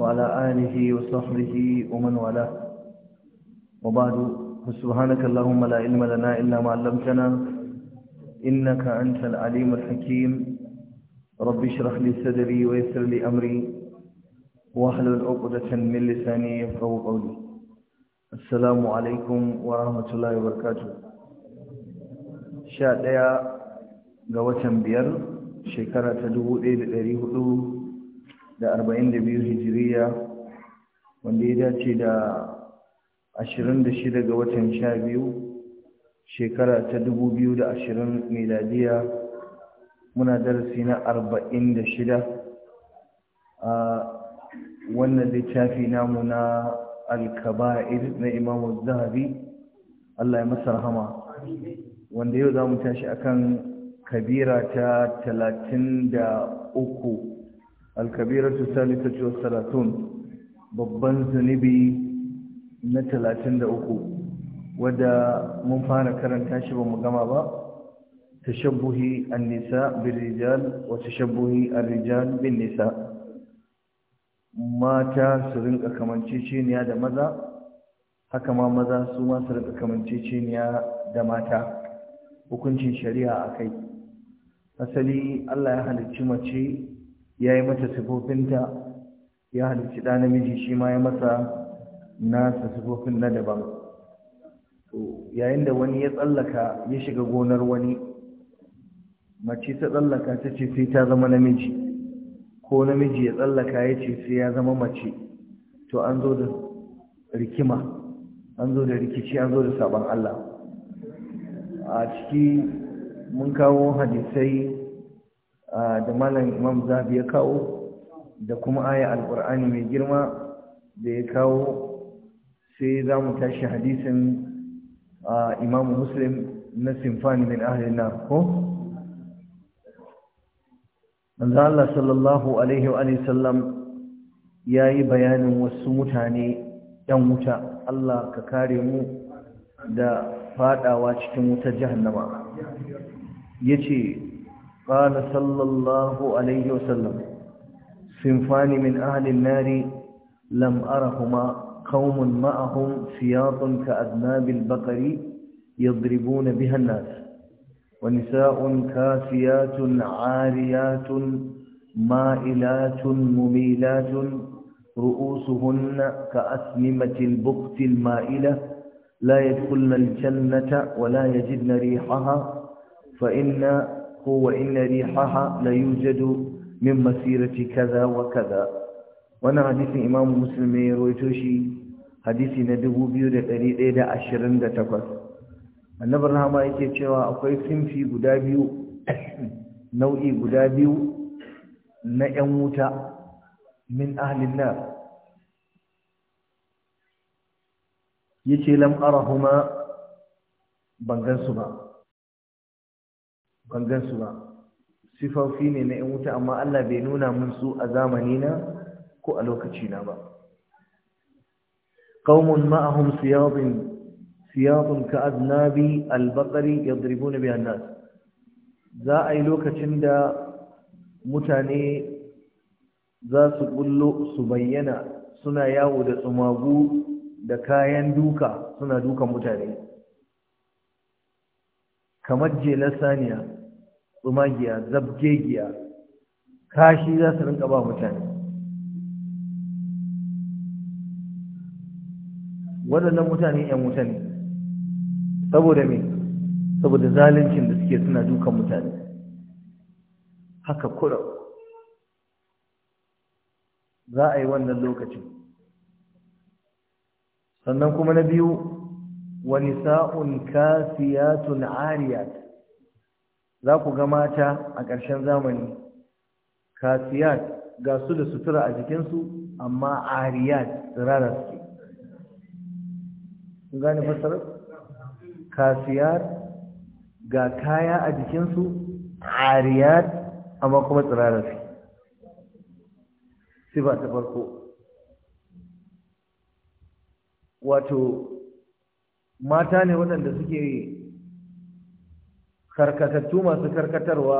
وعلى آله وصحبه ومن والاه وبعد فسبحانك اللهم لا علم لنا إلا ما علمتنا إنك أنت العليم الحكيم رب اشرح لي صدري ويسر لي أمري واحلل عقدة من لساني يفقهوا قولي السلام عليكم ورحمة الله وبركاته شاء ga watan biyar shekara ta dubu ɗaya da ɗari hudu da arba'in da biyu hijiriya wanda ya dace da ashirin da shida ga watan sha biyu shekara ta dubu biyu da ashirin muna darasi na arba'in da shida a wannan littafi namu na alkaba'ir na imamu zahabi Allah ya masa rahama wanda yau za mu tashi akan kabira ta talatin da uku alkabiratu salisatu wassalatun babban zunubi na talatin da uku wadda mun fara karanta shi ba mu gama ba tashabbuhi an-nisa bil-rijal wa tashabbuhi ar bin-nisa mata su rinka kamanceceniya da maza haka ma maza su ma su rinka da mata hukuncin shari'a a kai. asali Allah ya halicci mace ya yi mata sifofinta ya halicci ɗa namiji shi ma ya masa nasa sifofin na daban yayin da wani ya tsallaka ya shiga gonar wani mace ta tsallaka ta ce sai ta zama namiji ko namiji ya tsallaka ya ce sai ya zama mace to an zo da rikima an zo da rikici an zo da sabon Allah a ciki mun kawo hadisai da malam imam zabi ya kawo da kuma aya alkur'ani mai girma da ya kawo sai za mu tashi hadisin imam muslim na simfani min ahalin na ko? Allah sallallahu alaihi wa sallam ya yi bayanin wasu mutane ‘yan wuta Allah ka kare mu da faɗawa cikin wutar jahannama ya ce قال صلى الله عليه وسلم صنفان من أهل النار لم أرهما قوم معهم سياط كأذناب البقر يضربون بها الناس ونساء كاسيات عاريات مائلات مميلات رؤوسهن كأسنمة البخت المائلة لا يدخلن الجنة ولا يجدن ريحها فإن ko wa inna rihaha la yujadu min masirati kaza wa kaza wannan hadisin imam muslim ya rawaito shi hadisi na 2128 annabi rahama yake cewa akwai sinfi guda biyu nau'i guda biyu na yan wuta min ahlin nar yace lam arahuma ban gansu ba ban gan su ba sifofi ne na 'yan wuta amma Allah bai nuna mun su a zamanina ko a lokacina ba qaumun ma'ahum siyadun siyadun ka'adnabi al-baqari yadribuna bi annas za a yi lokacin da mutane za su bullo su bayyana suna yawo da tsumagu da kayan duka suna dukan mutane kamar jelar saniya tsumagiya zabgegiya kashi za su rinka ba mutane waɗannan mutane 'yan mutane saboda me saboda zaluncin da suke suna dukan mutane haka kura za a yi wannan lokacin sannan kuma na biyu wani sa'un kasiyatun ariyat za ku ga mata a ƙarshen zamani kasiyat ga su da sutura a jikinsu amma ariyat tsirara suke kun gane fasarar kasiyat ga kaya a jikinsu ariyat amma kuma tsirara suke ba ta farko wato mata ne waɗanda suke karkatattu masu karkatarwa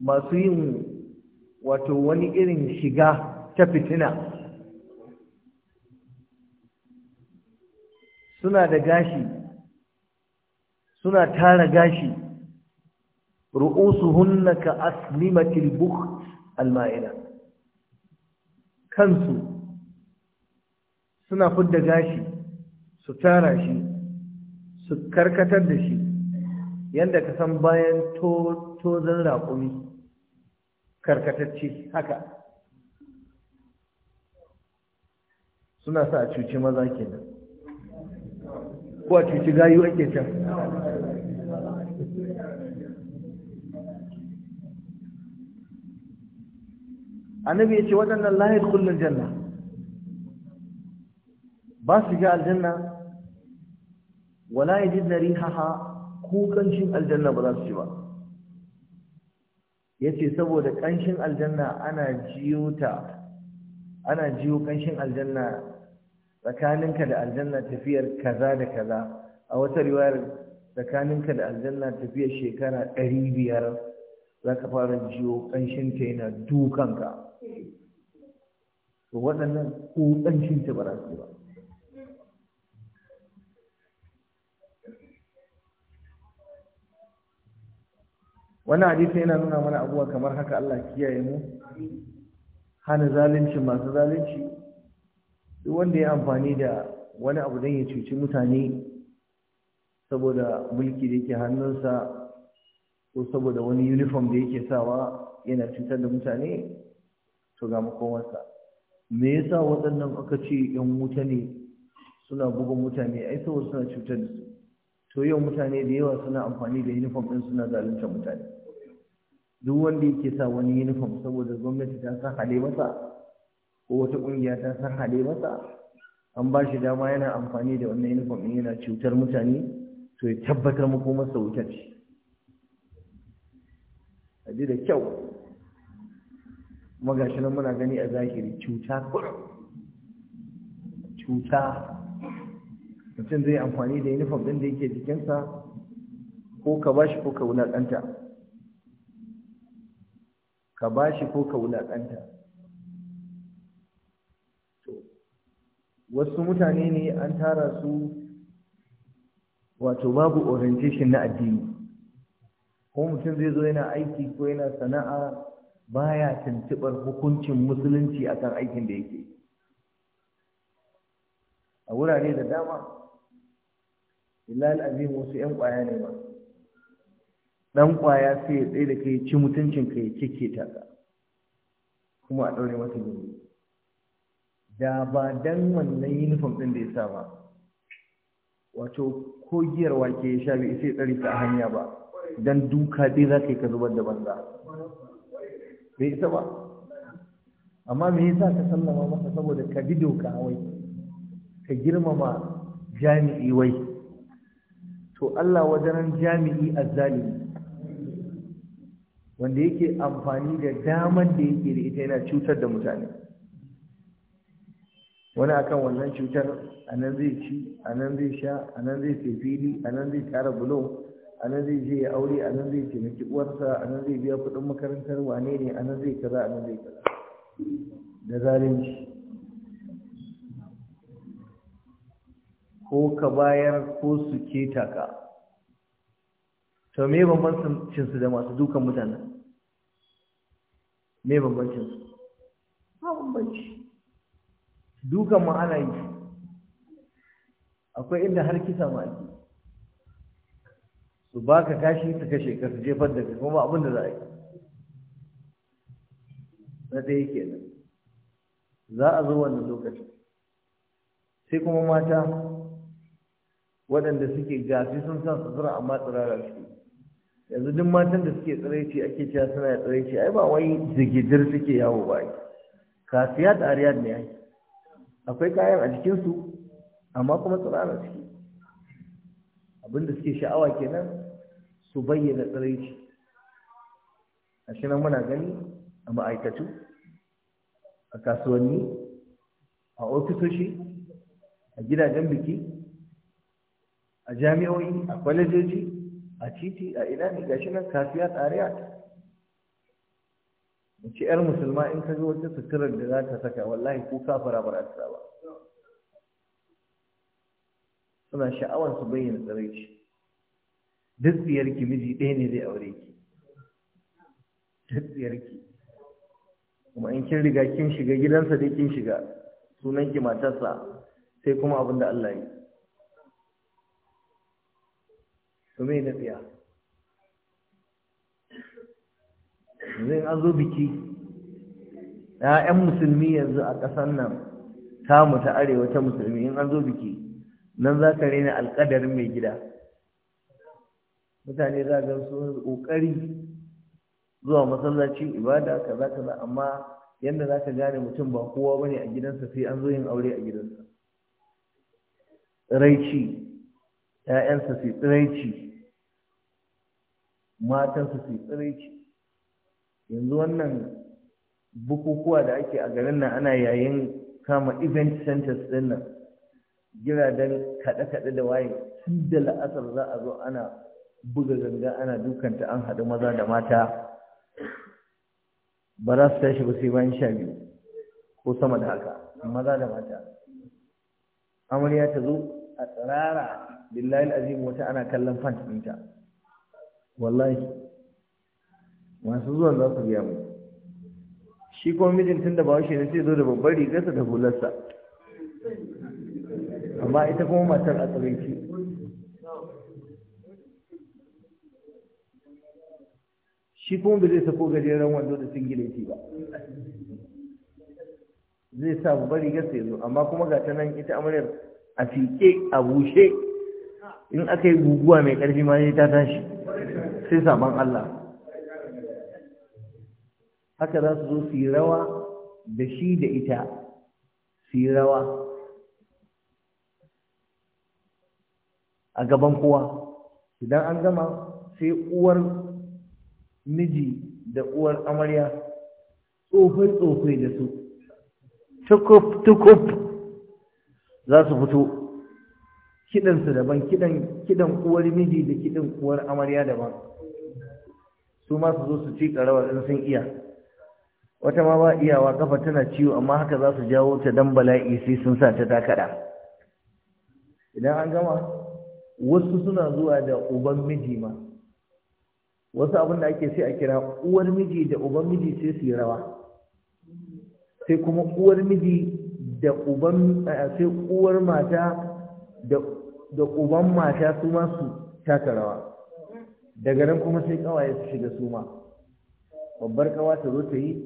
masu yin wato wani irin shiga ta fitina suna da gashi suna tara gashi ru'usuhunna ka aslimatil bukht alma'ida kansu suna fidda gashi su tara shi su karkatar da shi yadda ka san bayan tozon raƙumi karkatacce haka suna sa a cuci maza ke ko a cuci gayu ake can annabi ya ce waɗannan lahir kullum janna ba su ga aljanna wala yajidna rihaha ko kanshin aljanna ba za su ci ba yace saboda kanshin aljanna ana jiyo ta ana jiyo kanshin aljanna tsakaninka da aljanna tafiyar kaza da kaza a wata riwayar tsakaninka da aljanna tafiyar shekara ɗari biyar za ka fara jiyo ƙanshinta yana dukanka to waɗannan ko ƙanshinta ba za su ba wannan hadisi yana nuna mana abubuwa kamar haka Allah kiyaye mu hana zalunci masu zalunci duk wanda ya amfani da wani abu don ya cuci mutane saboda mulki da yake hannunsa ko saboda wani uniform da yake sawa yana cutar da mutane to ga makomarsa me yasa waɗannan aka ce yan wuta ne suna bugun mutane ai saboda suna cutar da su to yau mutane da yawa suna amfani da uniform din suna zalunta mutane duk wanda yake sa wani uniform saboda gwamnati ta san hale masa ko wata ƙungiya ta san hale masa an ba shi dama yana amfani da wannan uniform ɗin yana cutar mutane to ya tabbatar muku masa wutar ce a da kyau kuma gashi nan muna gani a zahiri cuta cuta mutum zai amfani da uniform ɗin da yake jikinsa ko ka bashi ko ka wulaƙanta ka ba shi ko ka wulaƙanta wasu mutane ne an tara su wato babu orientation na addini ko mutum zai zo yana aiki ko yana sana'a baya tuntubar hukuncin musulunci akan aikin da yake a wurare da dama illal azim wasu yan kwaya ne ba dan kwaya sai ya tsaye da kai ci mutuncin kai kike ta kuma a daure masa gobe da ba dan wannan uniform din da ya sa ba wato ko giyar wake ya sha bai sai tsare ta a hanya ba dan duka dai za ka yi ka zubar da banza bai isa ba amma me yasa ka sallama masa saboda ka bi doka wai ka girmama jami'i wai to Allah wajen jami'i azzalimi wanda yake amfani da damar da yake da ita yana cutar da mutane wani akan wannan cutar a nan zai ci a nan zai sha a nan zai sai fili a nan zai tara bulo a nan zai je ya aure a nan zai taimaki uwarsa a nan zai biya kuɗin makarantar wane ne a nan zai kaza a nan zai kaza da zalunci ko ka bayar ko su keta ka to me bambancin su da masu dukan mutanen me bambancin su ba bambanci dukan ma ana yi akwai inda har kisa ma ake su baka kashi ta kashe ka su jefar da kuma abin da za a yi na ɗaya kenan za a zo wannan lokacin sai kuma mata waɗanda suke gafi sun san zura amma tsirara suke yanzu duk matan da suke tsiraici ake cewa suna tsiraici ai ba wai zigidir suke yawo ba ai kafiya da ariyar ne ai akwai kayan a su amma kuma tsirara suke da suke sha'awa kenan su bayyana tsiraici a shi nan muna gani a ma'aikatu a kasuwanni a ofisoshi a gidajen biki a jami'o'i a kwalejoji a titi a ina ne gashi nan kafiya tsariya ce yar musulma in ka zo wata suturar da za ta saka wallahi ko kafara ba za ba suna sha'awar su bayyana ce duk ki miji ɗaya ne zai aure ki duk ki kuma in kin riga kin shiga gidansa dai kin shiga sunan ki matarsa sai kuma abin da Allah yi to me na tsiya yanzu an zo biki musulmi yanzu a ƙasar nan tamu ta arewa ta musulmi in an zo biki nan za ka rena alƙadarin mai gida mutane za ga su ƙoƙari zuwa masallaci ibada ka za, amma yadda za ka gane mutum ba kowa bane a gidansa sai an zo yin aure a gidansa tsiraici ‘ya'yansa sai tsiraici matansu su tsiraici yanzu wannan bukukuwa da ake a garin nan ana yayin kama event centers din nan giraden kaɗe-kaɗe da waye tun da la'asar za a zo ana buga ganga ana dukanta an haɗu maza da mata ba za su tashi ba sai bayan sha biyu ko sama da haka maza da mata amarya ta zo a tsirara billahi azim wata ana kallon fans ɗinta wallahi masu zuwan za su biya mu shi kuma mijin tun da ba shi ne sai zo da babbar rigarsa da hularsa amma ita kuma matar a tsaraici shi kuma ba zai sako gajeren wando da singileti ba zai sa babbar rigarsa ya zo amma kuma ga ta nan ita amaryar a fiƙe a bushe in aka yi guguwa mai ƙarfi ma ta tashi sai saman Allah haka za su zo su yi rawa da shi da ita su yi rawa a gaban kowa idan an gama sai uwar miji da uwar amarya tsofai-tsofai da su tukup-tukup za su fito kidansu daban kidan kidan uwar miji da kidan uwar amarya daban su ma su zo su ci karawar in sun iya wata ma ba iyawa kafa tana ciwo amma haka za su jawo ta dan bala'i sai sun sa ta takada idan an gama wasu suna zuwa da uban miji ma wasu abin da ake sai a kira uwar miji da uban miji sai su yi rawa sai kuma uwar miji da uban eh, sai uwar mata da da uban mata su ma su taka rawa daga nan kuma sai ƙawaye su shiga su ma babbar kawa ta zo ta yi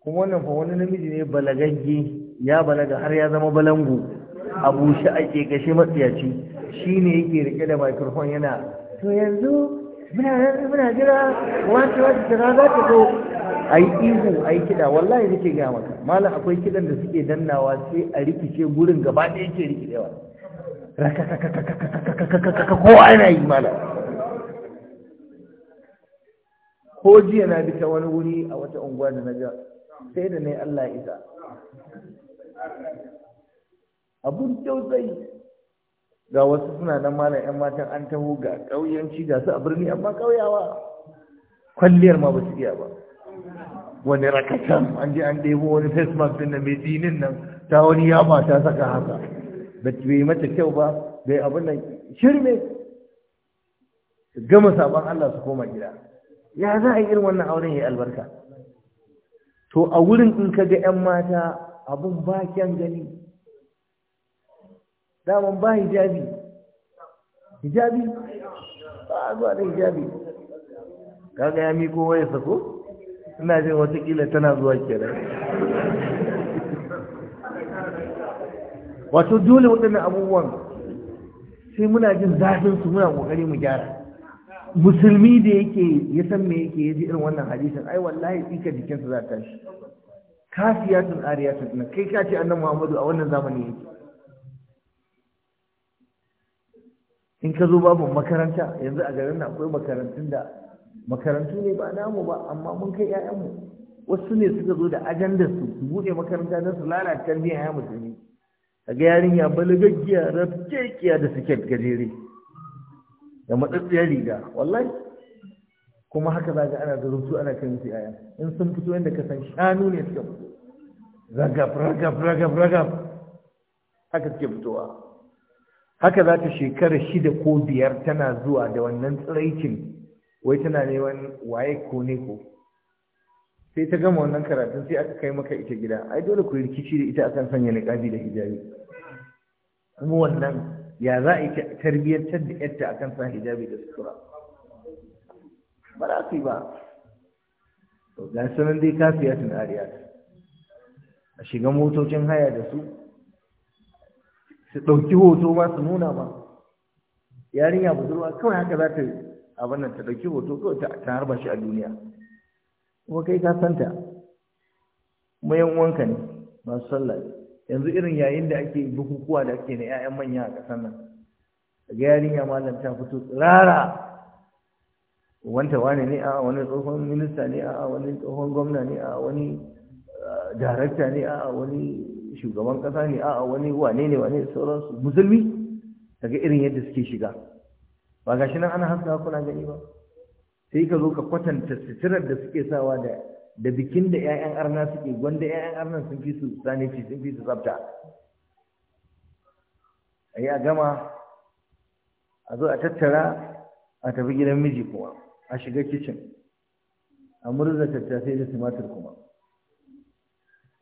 kuma wannan fa wani namiji ne balagagge ya balaga har ya zama balangu abu shi ke kashe matsiyaci shi ne yake rike da microphone yana to yanzu muna jira wata wata ta za ta zo a yi ihu a yi kiɗa wallahi nake gaya maka malam akwai kiɗan da suke dannawa sai a rikice gurin gaba ɗaya ke rikidewa ko yana yi mana ko jiya na bi ta wani wuri a wata unguwa da na ga sai da ne Allah isa abun tausayi ga wasu suna nan malam yan matan an taho ga ƙauyenci ga su a birni amma ƙauyawa kwalliyar ma ba su iya ba wani rakatan an je an ɗebo wani face mask din na mai dinin nan ta wani yama ta saka haka ba yi mata kyau ba bai abin nan shirme gama sabon Allah su koma gida ya za a yi irin wannan auren ya albarka to a wurin in ka ga 'yan mata abin ba kyan gani daman ba hijabi hijabi ba a zuwa da hijabi kaga ya miko waya sako ina jin watakila tana zuwa kenan wato dole waɗannan abubuwan sai muna jin zafin su muna ƙoƙari mu gyara musulmi da yake ya san me yake ya ji irin wannan hadisin ai wallahi tsika sa za ta tashi kafiyatun ariyatun na kai ka ce annabi Muhammadu a wannan zamani yake in ka zo babu makaranta yanzu a garin nan akwai makarantun da makarantu ne ba namu ba amma mun kai 'ya'yanmu wasu ne suka zo da ajandar su buɗe makaranta don su lalata tarbiyyar ya musulmi a ga yarinya balagaggiya rafkekiya da suke gajere da matsatsiyar riga wallahi kuma haka za ga ana da su ana kai musu yaya in sun fito yadda ka san shanu ne suka fito ragab ragab ragab ragab haka suke fitowa haka za ta shekara shida ko biyar tana zuwa da wannan tsiraicin wai tana neman waye ko ne ko sai ta gama wannan karatun sai aka kai maka ita gida ai dole ku rikici da ita akan sanya niqabi da hijabi kuma wannan ya za a yi tarbiyyantar da yadda akan sa hijabi da sutura ba za su yi ba to ga sanan dai kafiya tun ariya a shiga motocin haya da su su ɗauki hoto ba su nuna ba. yarinya budurwa kawai haka za ta abin nan ta ɗauki hoto kawai ta harba shi a duniya kuma kai ka santa kuma uwanka ne masu sallah yanzu irin yayin da ake bukukuwa da ake na 'ya'yan manya a ƙasar nan ga yarinya malam ta fito tsirara wanta wane ne a wani tsohon minista ne a wani tsohon gwamna ne a wani ah, darakta ne a wani shugaban kasa ne a wani wane ne wane sauransu musulmi daga irin yadda suke shiga ba ga shi nan ana haska kuna gani ba sai ka zo ka kwatanta suturar da suke sawa da da bikin da 'ya'yan arna suke gwanda 'ya'yan arnan sun fi su sanici sun fi su tsafta a yi a gama a zo a tattara a tafi gidan miji kuma a shiga kicin a murza tattasai da tumatir kuma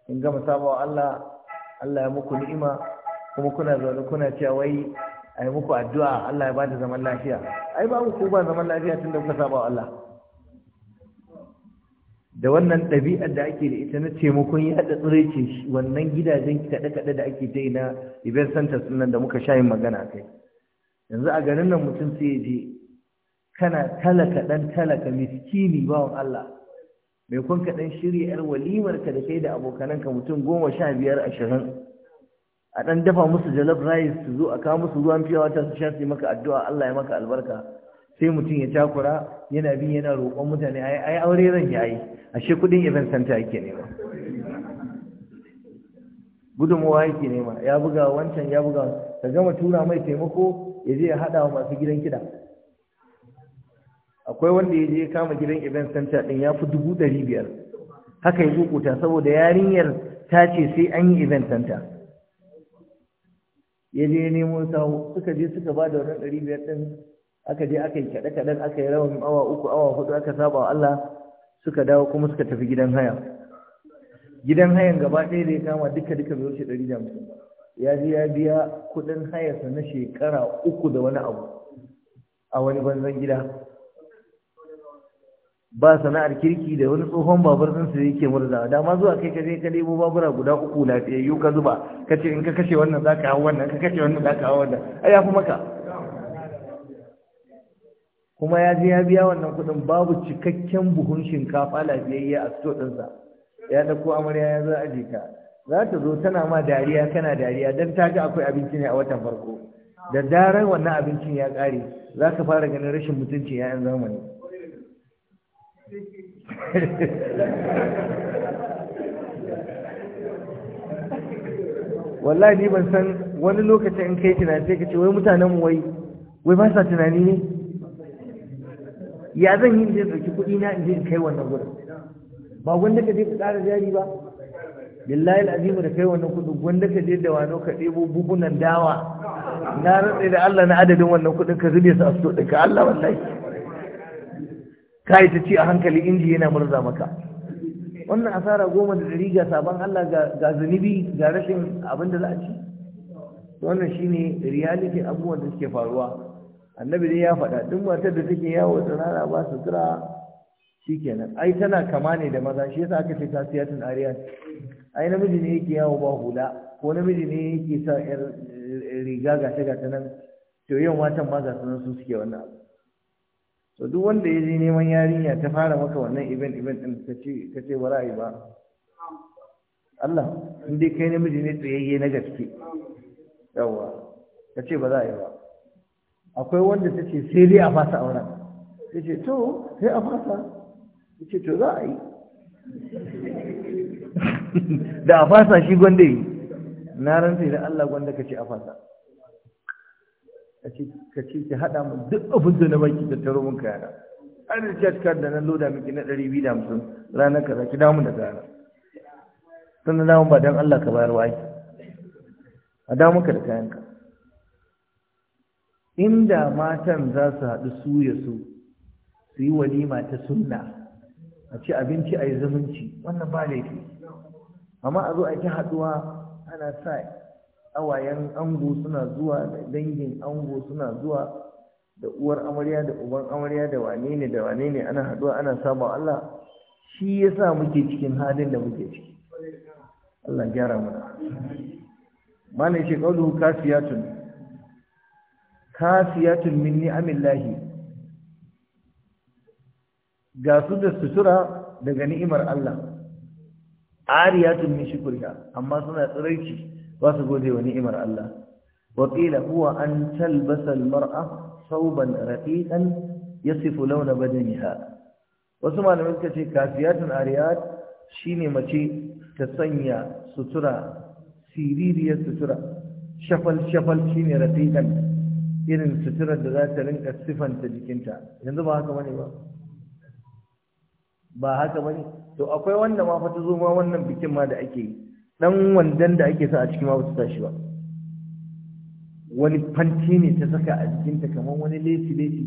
in gama sabawa Allah Allah ya muku ni'ima kuma kuna zaune kuna cewa wai a yi muku addu'a Allah ya ba da zaman lafiya ai babu ku ba zaman lafiya tun da kuka saba Allah da wannan ɗabi'ar da ake da ita na taimakon ya haɗa tsiraice wannan gidajen kaɗe-kaɗe da ake ta yi na event center nan da muka sha yin magana kai yanzu a garin nan mutum sai ya je kana talaka ɗan talaka miskini bawan Allah mai kun ka shirya 'yar walimarka da kai da abokananka mutum goma sha biyar ashirin a ɗan dafa musu jalab rice su zo a kawo musu ruwan fiyawa ta su sha su maka addu'a Allah ya maka albarka sai mutum ya takura yana bin yana roƙon mutane ai ai aure ran ya yi ashe kuɗin event center yake nema gudunmawa yake nema ya buga wancan ya buga ka gama tura mai taimako ya je ya haɗa wa masu gidan kiɗa akwai wanda ya je ya kama gidan event center ɗin ya fi dubu ɗari biyar haka ya kukuta saboda yarinyar ta ce sai an yi event center ya je ya nemo sawo suka je suka ba da wannan ɗari biyar ɗin aka je aka yi kaɗe kaɗen aka yi rawan awa uku awa hudu aka saba wa Allah suka dawo kuma suka tafi gidan haya gidan hayan gaba ɗaya da ya kama duka duka bai wuce ɗari da hamsin ya je ya biya kuɗin hayarsa na shekara uku da wani abu a wani banzan gida ba sana'ar kirki da wani tsohon babur sun su yake murza dama zuwa kai ka je ka nemo babura guda uku lafiyayyu ka zuba ka ce in ka kashe wannan za ka hau wannan ka kashe wannan za ka hau wannan ai ya fi maka kuma ya je ya biya wannan kuɗin babu cikakken buhun shinkafa lafiyayya a sto ɗinsa ya ɗauko amarya ya zo aje ka za ta zo tana ma dariya kana dariya don ta ga akwai abinci ne a watan farko da daren wannan abincin ya ƙare za ka fara ganin rashin mutuncin 'ya'yan zamani wallahi ni ban san wani lokacin in kai tunani sai ka ce wai mutanen mu wai wai ba sa tunani ne ya zan yi zai dauki kuɗi na in je in kai wannan gurin ba wanda ka je ka tsara jari ba billahi alazim da kai wannan kuɗin wanda ka je da wano ka ɗebo bubunan dawa na rantsa da Allah na adadin wannan kuɗin ka zube su a so ɗinka Allah wallahi kai ta ce a hankali inji yana murza maka wannan asara goma da dari ga sabon Allah ga zunubi ga rashin abin da za a ci wannan shine reality abubuwan da suke faruwa annabi dai ya faɗa duk matar da take yawo tsirara ba su sutura shikenan ai tana kama ne da maza shi yasa aka ce ta kasiyatin Ariya? ai namiji ne yake yawo ba hula ko namiji ne yake sa yar eh, riga ga ta nan to yau matan ma ga sunan su suke wannan abu to duk wanda ya je neman yarinya ta fara maka wannan event event din ta ce ta ce ba ra'ayi ba Allah in dai kai namiji ne tsayayye na gaske yawa ta ce ba za a yi ba akwai wanda ta ce sai dai a fasa auren ta ce to sai a fasa ta ce to za a yi da a fasa shi gwanda yi na ranta da Allah gwanda ka ce a fasa ka ce ki haɗa mu duk abin da na baki da taro mun kayana an da chat card da na loda miki na ɗari biyu da hamsin ranar kaza ki damu da kayana sannan damu ba don Allah ka bayar wa a damu ka da kayanka inda matan za su haɗu su ya su su yi walima ta sunna a ci abinci a yi zumunci wannan ba laifi amma a zo a ki haɗuwa ana sa ƙawayen ango suna zuwa da dangin ango suna zuwa da uwar amarya da uban amarya da wane ne da wane ne ana haɗuwa ana sabon Allah shi ya sa muke cikin halin da muke ciki Allah gyara muna malai shi ƙaunuhu kasiyatun kasiyatun min lahi. ga su da sutura daga ni'imar Allah ariyatun min shukriha amma suna tsiraici ba su gode wa ni'imar Allah waƙila qila huwa an talbasa mar'a sauban thawban raqiqan yasifu launa badaniha wasu malamai suka ce kafiyatun ariyat ne mace ta sanya sutura siririyar sutura shafal shafal ne raqiqan irin suturar da za ta rinka sifanta jikinta yanzu ba haka bane ba ba haka bane to akwai wanda ma fa ta zo ma wannan bikin ma da ake yi dan wandan da ake sa a cikin ma ta tashi ba wani fanti ne ta saka a jikinta kamar wani lefi-lefi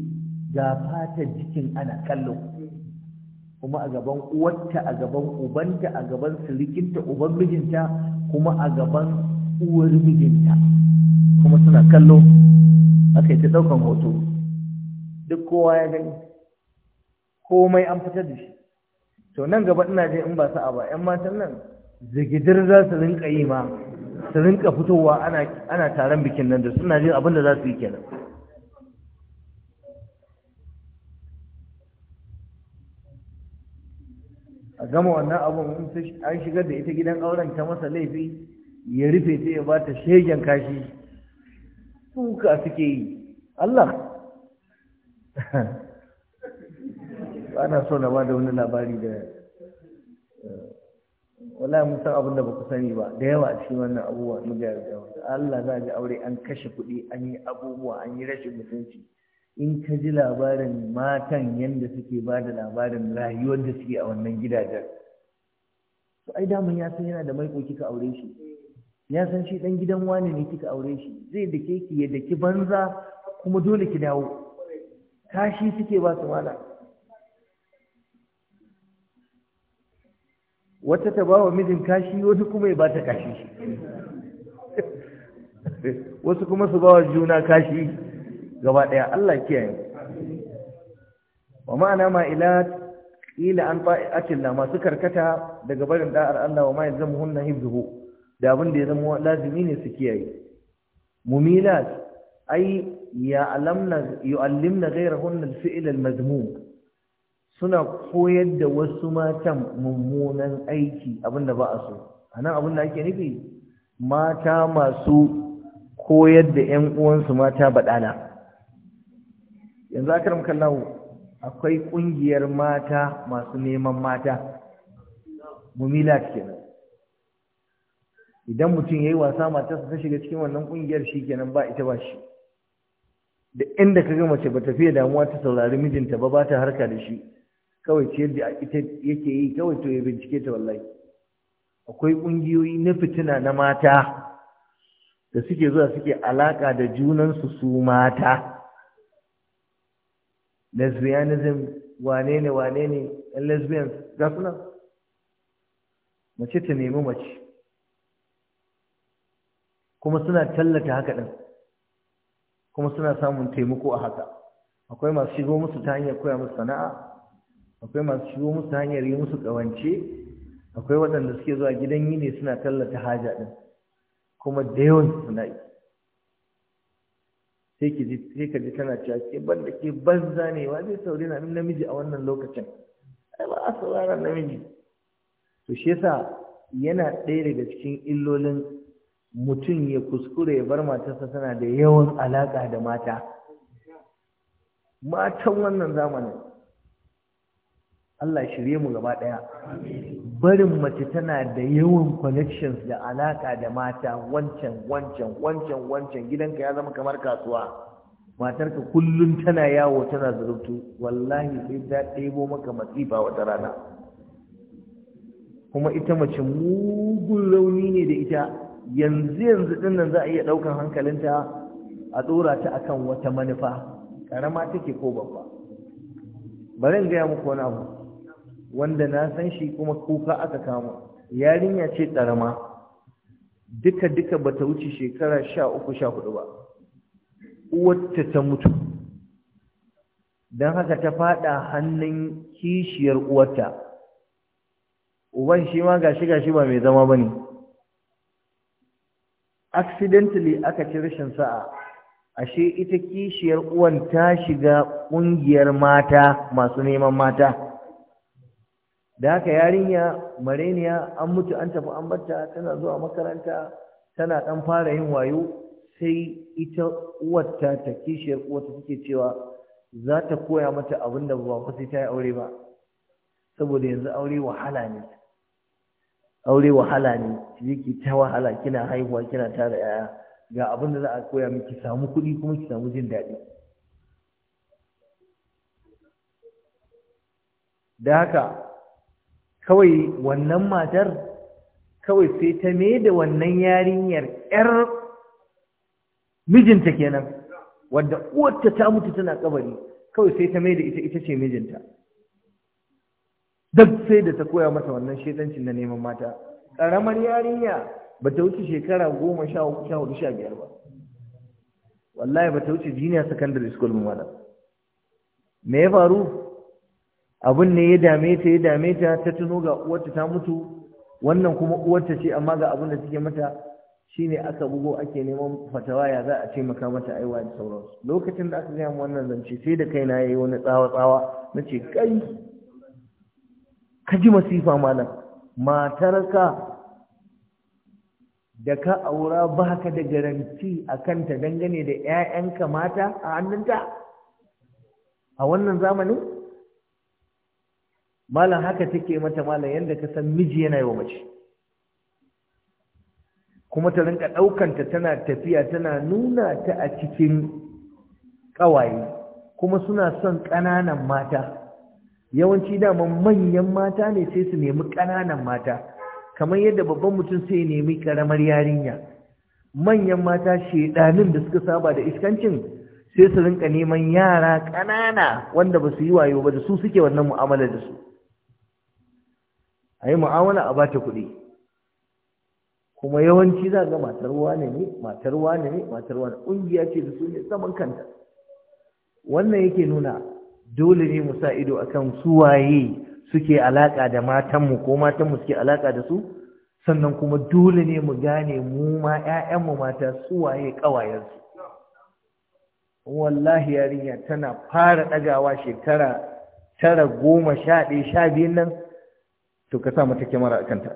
ga fata jikin ana kallon kuma a gaban uwarta a gaban ubanta a gaban sirikinta uban mijinta kuma a gaban uwar mijinta kuma suna kallo aka yi ta daukan hoto duk kowa ya gani komai an fitar da shi to nan gaba ina je in ba sa'a ba 'yan matan nan zigidir za su rinka yi ma su rinka fitowa ana taron bikin nan da suna jin abin da za su yi kenan a gama wannan abin an shigar da ita gidan auren ta masa laifi ya rufe ta ya ba ta shegen kashi suka suke yi Allah ana so na ba da wani labari da eh, wala musa abin da ba ku sani ba da yawa a cikin wannan abubuwa mu ga da Allah za ji aure an kashe kuɗi an yi abubuwa an yi rashin mutunci in ka ji labarin matan yadda suke ba da labarin rayuwar da suke a wannan gidajen to ai damun ya san yana da maiko kika aure shi ya san shi dan gidan wani ne kika aure shi zai dake ki ya daki banza kuma dole ki dawo kashi suke ba su mala wata ta bawa mijin kashi wata kuma ya bata kashi wasu kuma su bawa juna kashi gaba daya Allah kiyaye wa ma'ana ma ila ila an akil la masu karkata daga barin da'ar Allah wa ma yalzamuhunna hibzuhu da abin da ya zama lazimi ne su kiyaye mumilat ay alamna yu'allimna ghayrahunna al-fi'l al-madhmum suna koyar da wasu matan mummunan aiki abinda ba a so a nan abinda ake nufi mata masu koyar da 'yan uwansu mata baɗana yanzu aka ramka lawo akwai ƙungiyar mata masu neman mata mumilat kenan idan mutum ya yi wasa matarsa ta shiga cikin wannan ƙungiyar shi kenan ba ita ba shi da inda ka gama mace ba tafiya damuwa ta saurari mijinta ba ba ta harka da shi kawai ciyar da ita yake yi kawai to ya bincike ta wallahi akwai ƙungiyoyi na fitina na mata da suke zuwa suke alaƙa da junansu su mata lesbianism wane ne wane ne in lesbians ga suna mace ta nemi mace kuma suna tallata haka ɗin kuma suna samun taimako a haka akwai masu shigo musu ta hanyar koya musu sana'a akwai masu shigo musu hanyar yi musu ƙawance akwai waɗanda suke zuwa gidan yi ne suna tallata haja ɗin kuma da yawan suna yi sai ka ji tana cewa ke banda ke banza ne wa zai saurari na namiji a wannan lokacin ai ba a sauraron namiji to shi yasa yana ɗaya daga cikin illolin mutum ya kuskure ya bar matarsa tana da yawan alaƙa da mata matan wannan zamanin Allah shirye mu gaba ɗaya barin mace tana da yawan connections da alaka da mata wancan wancan wancan wancan gidanka ya zama kamar kasuwa matarka kullum tana yawo tana zurubtu wallahi sai ta ɗebo maka masifa wata rana kuma ita mace mugun rauni ne da ita yanzu yanzu ɗin nan za a iya ɗaukar hankalinta a tsora ta akan wata manufa ƙarama take ko babba bari in gaya muku wani abu wanda na san shi kuma kuka aka kama yarinya ce karama duka duka ba ta wuce shekara 13 14 ba uwarta ta mutu Don haka ta fada hannun kishiyar uwarta uban shi ma gashi gashi ba mai zama ba ne. accidentally aka ci rashin sa'a ashe ita kishiyar uwan ta shiga kungiyar mata masu neman mata da haka yarinya mareniya an mutu an tafi an batta tana zuwa makaranta tana dan fara yin wayo sai ita uwarta ta kishiyar uwarta take cewa za ta koya mata abin da ba ku sai ta yi aure ba saboda yanzu aure wahala ne aure wahala ne yake ta wahala kina haihuwa kina tara yaya ga abin da za a koya miki samu kuɗi kuma ki samu jin daɗi da haka kawai wannan matar kawai sai ta me da wannan yarinyar ƴar mijinta kenan wadda uwarta ta mutu tana kabari kawai sai ta mai da ita ita ce mijinta duk sai da ta koya mata wannan shedancin na neman mata ƙaramar yarinya ba ta wuce shekara goma sha hudu sha biyar ba wallahi ba ta wuce junior secondary school mu malam me ya faru abin ne ya dame ta ya dame ta ta tuno ga uwarta ta mutu wannan kuma uwarta ce amma ga abin da suke mata shine aka bugo ake neman fatawa ya za a maka mata aiwa da sauransu lokacin da aka gaya wannan zance sai da kaina yayi wani tsawa tsawa nace kai kaji masifa malam matarka da ka aura ba ka da garanti a kanta dangane da 'ya'yanka mata a hannunta a wannan zamanin malam haka take mata malam yanda ka san miji yana yi mace kuma ta rinka ɗaukanta tana tafiya tana nuna ta a cikin ƙawaye kuma suna son ƙananan mata yawanci daman manyan mata ne sai su nemi ƙananan mata kamar yadda babban mutum sai nemi ƙaramar yarinya manyan mata shedanin da suka saba da iskancin sai su rinka neman yara ƙanana wanda ba su yi wayo ba da su suke wannan mu'amala da su a yi mu'amala a bata kuɗi kuma yawanci za ga matar wane ne matar wane ne matar wane ƙungiya ce da su ne saman kanta wannan yake nuna dole ne mu sa ido akan su waye suke alaƙa da matanmu ko matanmu suke alaƙa da su sannan kuma dole ne mu gane mu ma 'ya'yanmu mata su waye ƙawayensu wallahi yarinya tana fara ɗagawa shekara tara goma sha ɗaya sha biyun nan to ka sa mata kyamara a kanta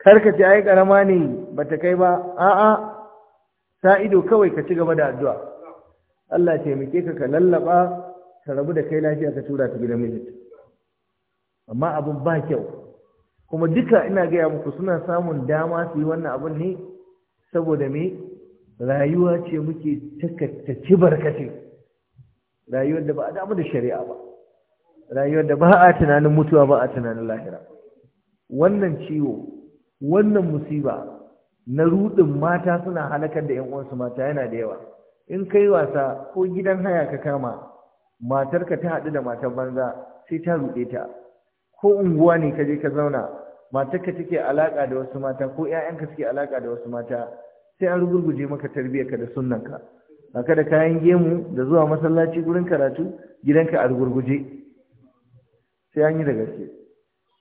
karka ka ce ai karama ne ba ta kai ba a'a sa ido kawai ka ci gaba da addu'a Allah mu taimake ka ka lallaba ka rabu da kai lafiya ka tura ta gidan mijin amma abin ba kyau kuma duka ina gaya muku suna samun dama su yi wannan abun ne saboda me rayuwa ce muke takattaci barkace rayuwar da ba a damu da shari'a ba rayuwar da ba a tunanin mutuwa ba a tunanin lahira wannan ciwo wannan musiba na rudin mata suna halakar da 'yan uwansu mata yana da yawa in kai wasa ko gidan haya ka kama matarka ta hadu da matar banza sai ta ruɗe ta ko unguwa ne ka je ka zauna matarka take alaƙa da wasu mata ko 'ya'yanka suke alaƙa da wasu mata sai an rugurguje maka tarbiyyarka da sunnanka haka da kayan gemu da zuwa masallaci gurin karatu gidanka a rugurguje sai an yi da gaske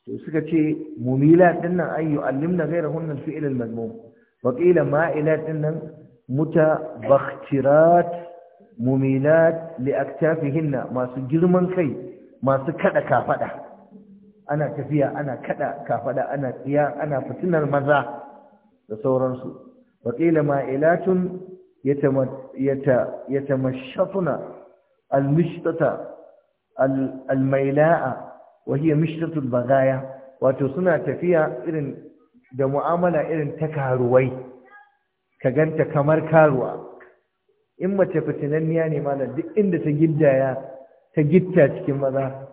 to suka ce mumila din nan ayyu allimna ghayrahunna fi'l al-madmum wa qila ma'ila din nan mutabakhtirat mumilat li aktafihinna masu girman kai masu kada kafada ana tafiya ana kada kafada ana tsiya ana fitinar maza da sauransu wa qila ma'ilatun yatamashshatuna al-mishtata al-maila'a wa hiya bagaya wato suna tafiya irin da mu'amala irin ta karuwai ka ganta kamar karuwa in mace fitinanniya ne malam duk inda ta giddaya ta gitta cikin maza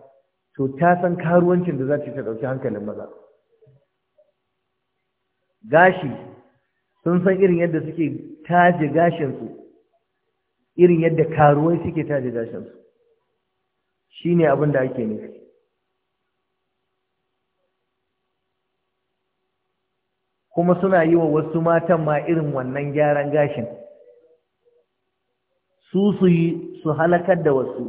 to ta san karuwancin da za ta ta dauki hankalin maza gashi sun san irin yadda suke taje gashinsu irin yadda karuwai suke taje gashinsu shi ne abin da ake nufi kuma suna yi wa wasu matan ma irin wannan gyaran gashin su su yi su halakar da wasu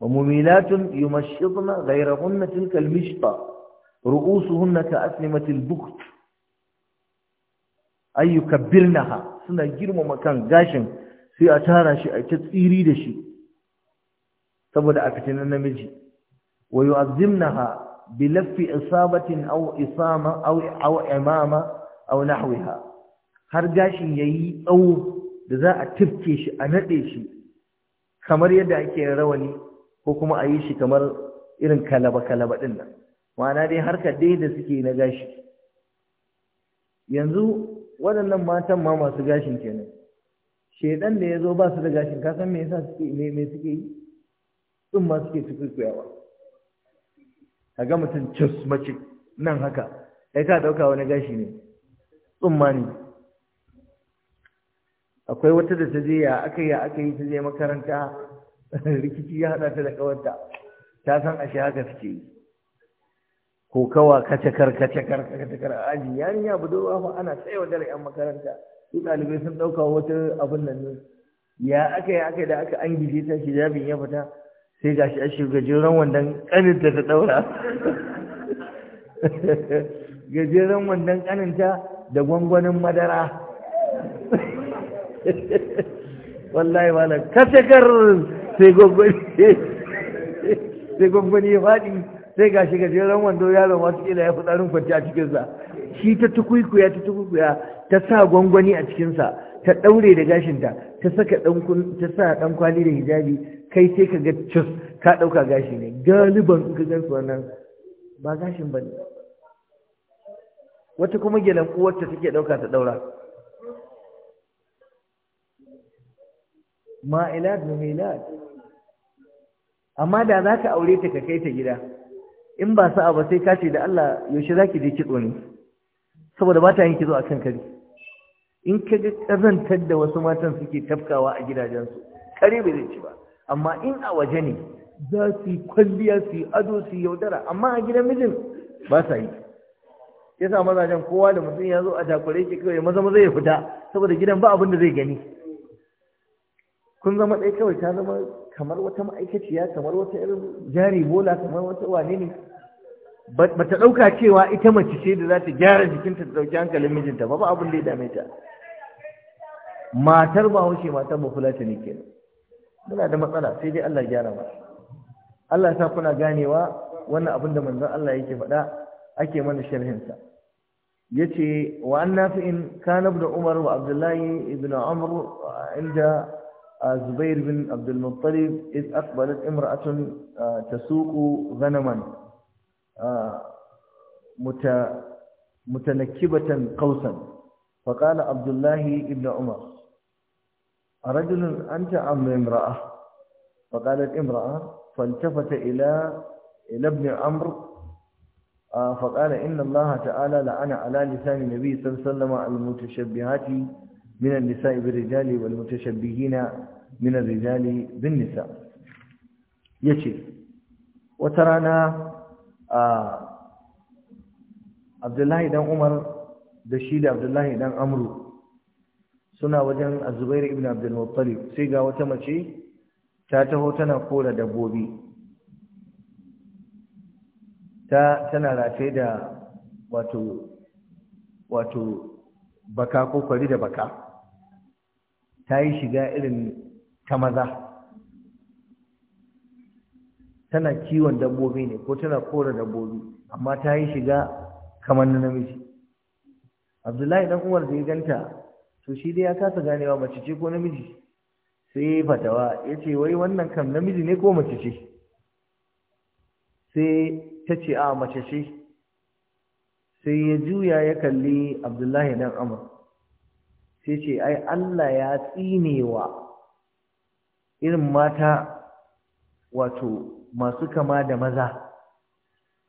wa mumilatun yumashshidna ghayrahunna tilka almishta ru'usuhunna ka'aslimatil bukht ayyukabbirnaha suna girmama kan gashin sai a tara shi a ta tsiri da shi saboda a fitinan namiji wa yu'azzimnaha بلف إصابة أو إصامة أو, أو إمامة da za a tifke shi, a naɗe shi kamar yadda ake rawani ko kuma a yi shi kamar irin kalaba-kalaba ɗin nan ma'ana dai harkar dai da suke na gashi yanzu waɗannan matan ma masu gashin kenan shedan da ya zo ba su da gashin kasan me yasa suke me suke yi sun ma suke tukurkuyawa a ga mutum cus mace nan haka ya ka dauka wani gashi ne tsumma ne akwai wata da ta je ya aka yi aka yi ta je makaranta rikici ya hada ta da kawarta ta san ashe haka suke yi ko kawa kacakar kacakar kacakar aji ya budurwa fa ana tsaye da dare yan makaranta su ɗalibai sun ɗauka wata abin nan ne ya aka yi aka da aka an gije ta shi jabin ya fita sai ga shi a shugajeren wandon ƙaninta ta ɗaura gajeren wandon ƙaninta da gwangwanin madara wallahi ba nan katakar sai gwangwani ya faɗi sai ga shi gajeren wando yaro masu ila ya fi tsarin kwanci a cikinsa shi ta ya ta ya ta sa gwangwani a cikinsa ta ɗaure da gashinta ta saka ta sa ɗan kwali da hijabi kai sai ka ga cus ka ɗauka gashi ne galiban ka gansu wannan ba gashin ba ne wata kuma gelan uwarta take ɗauka ta ɗaura ma'ilat milad amma da za ka aure ta ka kai ta gida in ba sa'a ba sai ka ce da Allah yaushe za ki je kitso ne saboda ba ta yin kizo a kan kari in ka ga ƙazantar da wasu matan suke tafkawa a gidajensu kare bai zai ci ba amma in a waje ne za su yi kwalliya su yi ado su yi yaudara amma a gidan mijin ba sa yi ya sa mazajen kowa da mutum ya zo a takure shi kawai maza maza ya fita saboda gidan ba abin da zai gani kun zama ɗaya kawai ta zama kamar wata ma'aikaciya kamar wata yar jari bola kamar wata wane ne ba ta ɗauka cewa ita mace ce da za ta gyara jikinta ta ɗauki hankalin mijinta ba ba abin da ya dame ta matar ba haushe matar ba fulata ne ke muna da matsala sai dai Allah gyara ba Allah sa kuna ganewa wannan abin da manzon Allah yake faɗa ake mana sharhinsa yace wa annafi'in kana ibn Umar wa Abdullahi ibn Amr inda Zubair bin Abdul Muttalib iz aqbalat imra'atun tasuqu ghanaman muta mutanakibatan qausan فقال عبد الله ابن عمر رجل أنت أم امرأة فقالت امرأة فالتفت إلى إلى ابن عمرو فقال إن الله تعالى لعن على لسان النبي صلى الله عليه وسلم المتشبهات من النساء بالرجال والمتشبهين من الرجال بالنساء يشي وترانا عبد الله بن عمر دشيد عبد الله بن عمرو suna wajen azubair ibn abdul muttalib sai ga wata mace ta taho tana kora dabbobi ta tana rataye da wato wato baka ko kwari da baka ta yi shiga irin ta maza tana kiwon dabbobi ne ko tana kora dabbobi amma ta yi shiga kamar na namiji abdullahi dan umar da ya ganta to shi dai ya kasa ganewa mace ce ko namiji sai fatawa ya ce wai wannan kan namiji ne ko mace ce sai ta ce a mace ce sai ya juya ya kalli abdullahi dan amur sai ce ai allah ya tsinewa irin mata wato masu kama da maza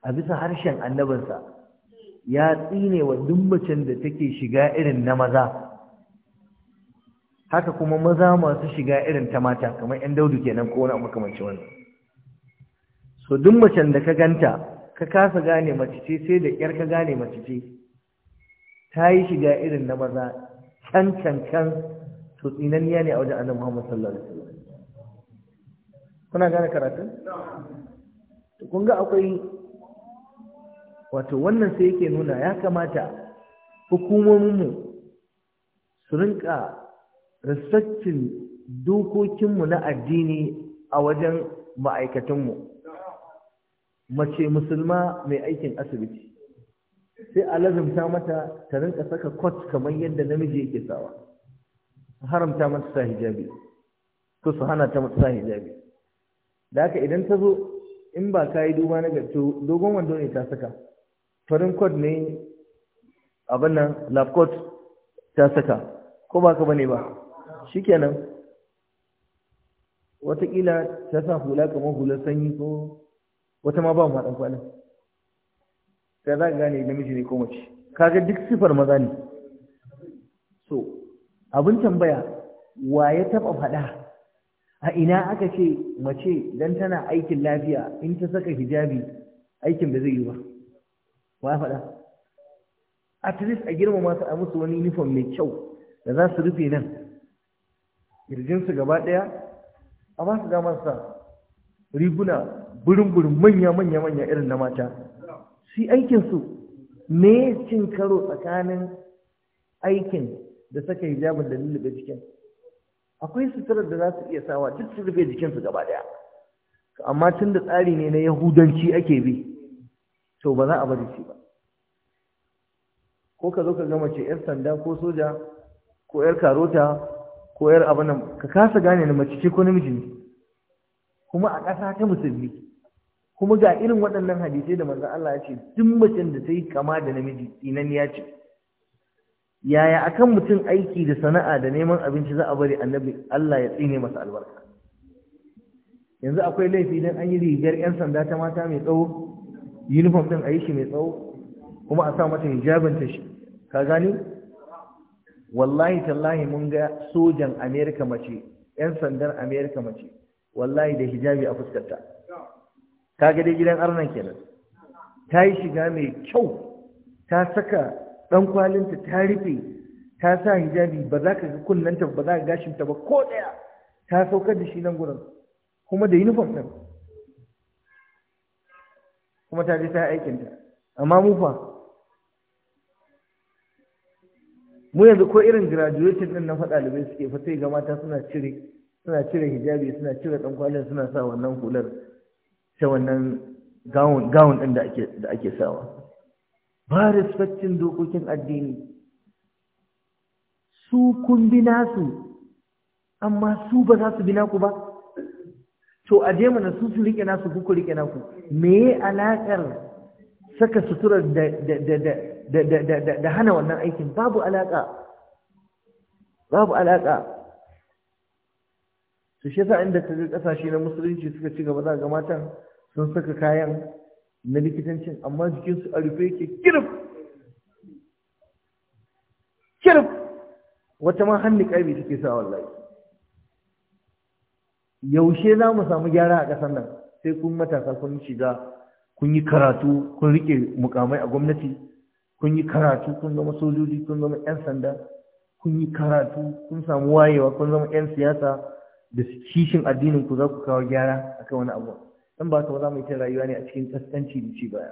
a bisa harshen annabinsa ya tsinewa duk macen da take shiga irin na maza haka kuma maza masu shiga irin ta mata kamar 'yan daudu kenan ko wani makamancin wannan so duk macen da ka ganta ka kasa gane mace ce sai da ƙyar ka gane mace ce ta yi shiga irin na maza can can can to tsinaniya ne a wajen annabi Muhammad sallallahu alaihi wasallam kuna gane karatun to kun ga akwai wato wannan sai yake nuna ya kamata hukumominmu su rinka risattin dokokinmu na addini a wajen ma'aikatanmu mace musulma mai aikin asibiti sai a lazumta mata ta rinka saka kot kamar yadda namiji yake sawa haramta mata sa hijabi ko su hana ta sa hijabi da haka idan ta zo in ba ka yi duba na gato dogon wando ne ta saka farin kot ne abin nan lab ta saka ko ba ka bane ba shikenan watakila ta sa hula kamar hular sanyi ko wata ma ba mu haɗin za ka gane namiji ne ko mace kaga duk sifar maza ne so abin tambaya wa ya taɓa faɗa a ina aka ce mace dan tana aikin lafiya in ta saka hijabi aikin da zai yi ba wa faɗa at least a girmama masu a wani uniform mai kyau da za su rufe nan kirjinsu gaba ɗaya a ba su damar sa riguna burin-burin manya irin na mata su aikinsu ne cin karo tsakanin aikin da suka yi jabin da lullube jikin akwai suturar da za su iya sawa duk su rufe jikinsu gaba ɗaya amma tun da tsari ne na yahudanci ake bi to ba za a bari shi ba ko ka zo ka gama ce 'yar sanda ko soja ko 'yar karota Ko koyar abu nan ka kasa gane na mace ce ko namiji ne kuma a ƙasa ta musulmi kuma ga irin waɗannan hadisai da manzon Allah ya ce duk macen da ta yi kama da namiji inan ya ce yaya akan mutum aiki da sana'a da neman abinci za a bari annabi Allah ya tsine masa albarka yanzu akwai laifi don an yi rigar 'yan sanda ta mata mai tsawo uniform ɗin a yi shi mai tsawo kuma a sa mata hijabin ta shi ka gani wallahi tallahi mun ga sojan amerika mace yan sandan amerika mace wallahi da hijabi a fuskarta kaga dai gidan arnan kenan ta yi shiga mai kyau ta saka ɗan kwalinta ta rufe ta sa hijabi ba za ka ga kunnanta ba za ka gashinta ba ko ɗaya ta saukar da shi nan gurin kuma da uniform din kuma ta je ta aikinta amma mu fa mu yanzu ko irin graduation din na fa ɗalibai suke fa sai ga mata suna cire suna cire hijabi suna cire dan kwalin suna sa wannan hular ta wannan gawun gown din da ake da ake sawa ba respectin dokokin addini su kun bi nasu amma su ba za su bi naku ba to a je mana su su rike nasu ku ku rike naku me alakar saka suturar da da da da hana wannan aikin babu alaƙa babu alaƙa su shi yasa inda kaga ƙasashe na musulunci suka ci gaba za ga matan sun saka kayan na likitancin amma jikinsu a rufe yake kirif kirif wata ma hannu ƙarfi take sa wallahi yaushe za mu samu gyara a ƙasar nan sai kun matasa kun shiga kun yi karatu kun riƙe mukamai a gwamnati kun yi karatu kun zama sojoji kun zama 'yan sanda kun yi karatu kun samu wayewa kun zama 'yan siyasa da kishin addinin ku za ku kawo gyara akan wani abu dan ba ka za mu rayuwa ne a cikin kaskanci da ci baya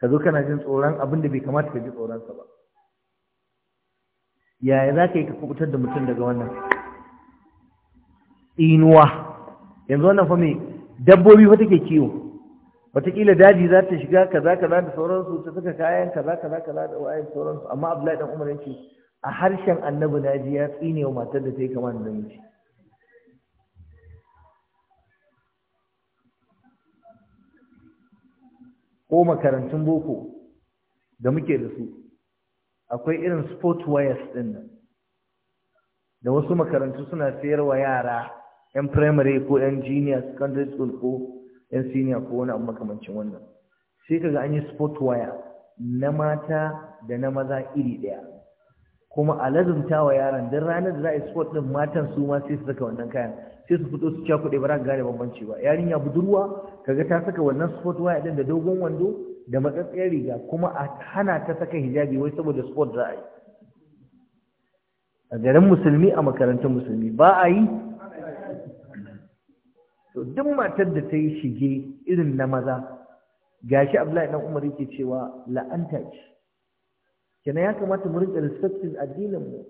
ka zo kana jin tsoron abin da bai kamata ka ji tsoron sa ba yaya za ka yi ka kubutar da mutum daga wannan inuwa yanzu wannan fa me dabbobi fa take kiwo wataƙila daji za ta shiga kaza kaza da sauransu ta saka kayan kaza kaza kaza da wayan sauransu amma abdullahi dan umar yace a harshen annabi ji ya tsine wa matar da ta yi kama da namiji ko makarantun boko da muke da su akwai irin sport wires din nan da wasu makarantu suna sayarwa yara yan primary ko yan junior secondary school ko yan senior ko wani abu makamancin wannan sai kaga an yi sport waya na mata da na maza iri ɗaya kuma a lazumta wa yaran don ranar da za a yi sport ɗin matan su ma sai su saka wannan kayan sai su fito su cakuɗe ba za ka gane bambanci ba yarinya budurwa ka ga ta saka wannan sport waya ɗin da dogon wando da matsatsiyar riga kuma a hana ta saka hijabi wai saboda sport za a yi a garin musulmi a makarantar musulmi ba a yi to duk matar da ta yi shige irin na maza gashi Abdullahi dan Umar yake cewa la'anta ce kenan ya kamata mu rinka respecting addinin mu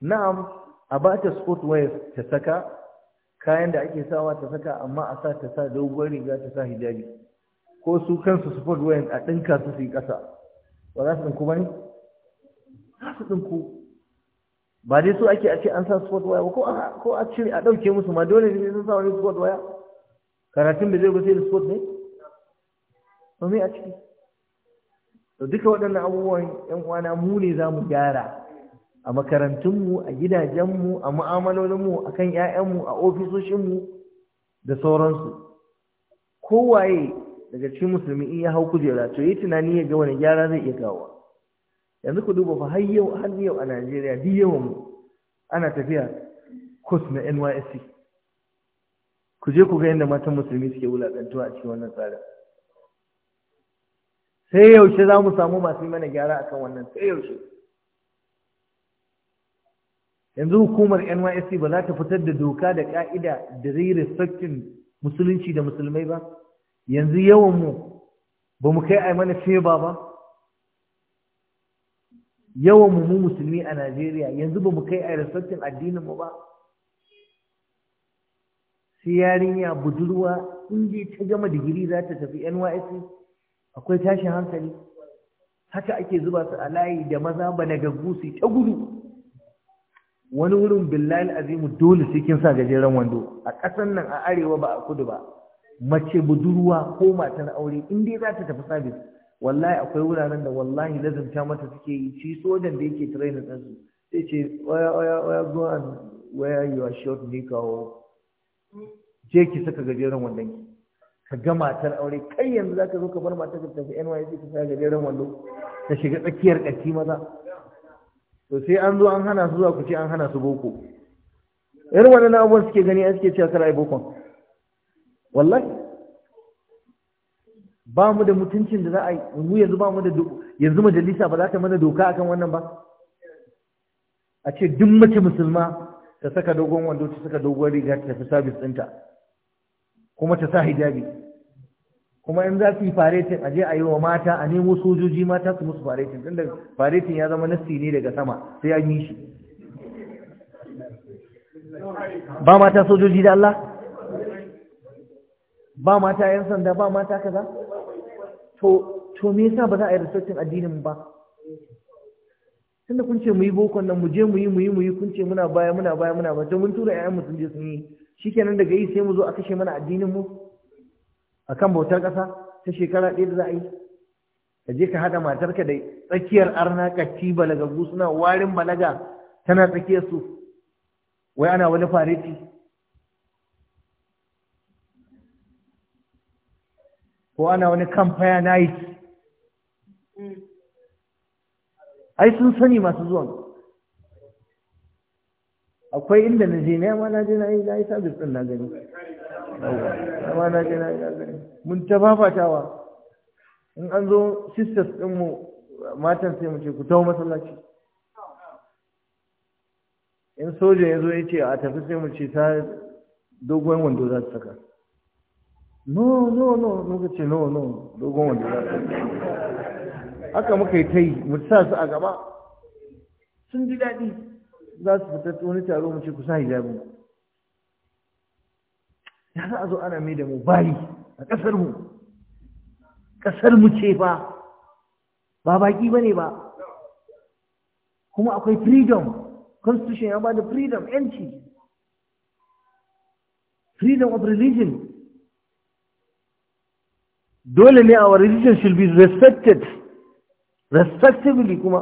na'am a ba ta sport wear ta saka kayan da ake sawa ta saka amma a sa ta sa dogon riga ta sa hijabi ko su kansu sport wear a dinka su su yi kasa ba za su dinku ba ne za su dinku ba dai so ake a ce an sa sport waya ko a cire a ɗauke musu ma dole ne sun sa wani sport waya karatun da zai ba sai da sport ne ba mai a ciki to duka waɗannan abubuwan yan uwana mu ne za mu gyara a makarantunmu a gidajenmu a ma'amalolinmu, a kan 'ya'yanmu a ofisoshinmu da sauransu kowaye daga cikin musulmi in ya hau kujera to yi tunani ya ga wani gyara zai iya kawo yanzu ku duba fa har yau yau a Najeriya duk yawan mu ana tafiya kut na NYSC ku je ku ga yadda matan musulmi suke wulaƙantuwa a cikin wannan tsarin sai yaushe za mu samu masu yi mana gyara a kan wannan sai yaushe yanzu hukumar nysc ba za ta fitar da doka da ƙa'ida da zai respectin musulunci da musulmai ba yanzu yawanmu ba mu kai a mana feba ba yawan mu musulmi a najeriya yanzu ba mu kai a respectin mu ba sai yarinya budurwa in dai ta gama digiri za ta tafi NYSC akwai tashin hankali haka ake zuba su a layi da maza ba na gaggu su ta gudu wani wurin billahi azimu dole sai kin sa gajeren wando a ƙasan nan a arewa ba a kudu ba mace budurwa ko na aure in dai za ta tafi sabis wallahi akwai wuraren da wallahi lazumta mata suke yi shi sojan da yake training ɗansu sai ce oya oya oya go and you are short nika or je ki saka gajeren wandon ki ka ga matar aure kai yanzu za ka zo ka bar matar ka tafi NYC ka saka gajeren wando ta shiga tsakiyar ƙarfi maza to sai an zo an hana su zuwa ku ce an hana su boko irin wannan abubuwan suke gani a suke cewa kar ai bokon wallahi ba mu da mutuncin da za a yi mu yanzu ba mu da yanzu majalisa ba za ta mana doka akan wannan ba a ce duk mace musulma ta saka dogon wando ta saka dogon riga ta tafi sabis ɗinta kuma ta sa hijabi kuma in za su yi faretin a je a yi wa mata a nemo sojoji mata su musu faretin tunda faretin ya zama nassi ne daga sama sai an yi shi ba mata sojoji da Allah ba mata yan sanda ba mata kaza to to me yasa ba za a yi researchin addinin ba tunda kun ce mu yi boko nan mu je mu yi mu yi mu yi kun ce muna baya muna baya muna baya. don mun tura ƴaƴan mu sun je sun yi shikenan daga yi sai mu zo a kashe mana addinin mu akan bautar ƙasa ta shekara ɗaya da za a yi ka je ka haɗa matarka da tsakiyar arna katti balagagu suna warin balaga tana tsakiyar su wai ana wani fareti ko ana wani kamfaya night mm. ai sun sani masu zuwan akwai inda na je ne ma na je na yi na yi sabis din na gani ma na je na yi na gani mun ta fafatawa in an zo sisters din mu matan sai mu ce ku tawo masallaci in soja ya zo ya ce a tafi sai mu ce ta dogon wando za ta saka no no no muka ce no no dogon wando za ta saka haka muka yi ta yi mu sa su a gaba sun ji daɗi za su fita wani taro mace kusa ku sa hijabi ya za a zo ana mai da mu bayi a ƙasar mu ƙasar mu ce ba, ba baki ba ne ba kuma akwai freedom constitution ya ba da freedom yanci freedom of religion dole ne our religion should be respected respectively kuma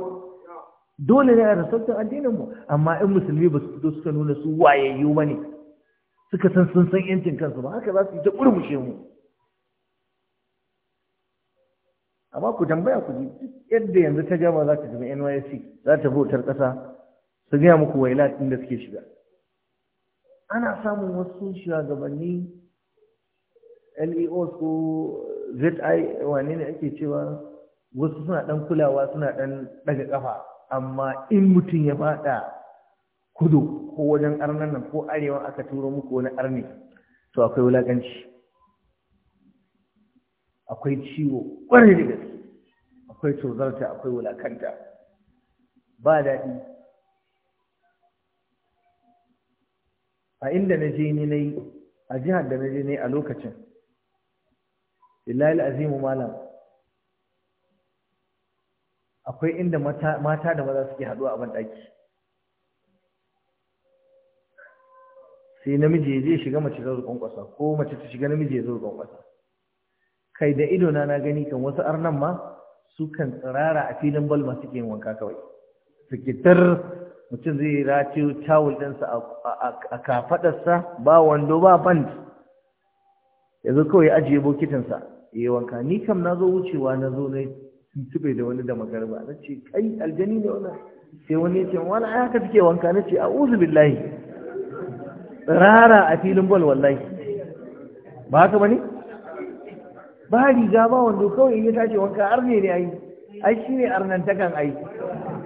dole ne a respectin addininmu? amma in musulmi ba su fito suka nuna su wayayyu ba ne suka san sun san yancin kansu ba haka za su yi ta ƙurmushe mu amma ku tambaya ku ji yadda yanzu ta gama za ta tafi nysc za ta bautar ƙasa su gaya muku waila ɗin da suke shiga ana samun wasu shugabanni leos ko zi wane ne ake cewa wasu suna ɗan kulawa suna ɗan ɗaga ƙafa amma in mutum ya faɗa kudu ko wajen arnan nan ko arewa aka turo muku wani arni to akwai wulaƙanci akwai ciwo ƙwarai da gaske akwai tozarta akwai wulaƙanta ba daɗi a inda na je ni na yi a jihar da na je ne a lokacin lillahi azimu malam akwai inda mata da maza suke haduwa a banɗaki sai namiji ya je shiga mace zai kwankwasa ko mace ta shiga namiji ya zai kwankwasa kai da idona na gani kan wasu arnan ma su kan tsirara a filin balma suke yin wanka kawai suke tar mutum zai rati tawul ɗinsa a kafaɗarsa ba wando ba band ya kawai ajiye bokitinsa ya yi wanka ni kam na zo wucewa na zo na tuntube da wani da magarba na ce kai aljani ne wani. sai wani ya ce wani ai haka take wanka na ce a uzu billahi rara a filin bol wallahi ba haka ba ne ba riga ba wando kawai in ya tashi wanka arne ne ai ai shi ne arnantakan ai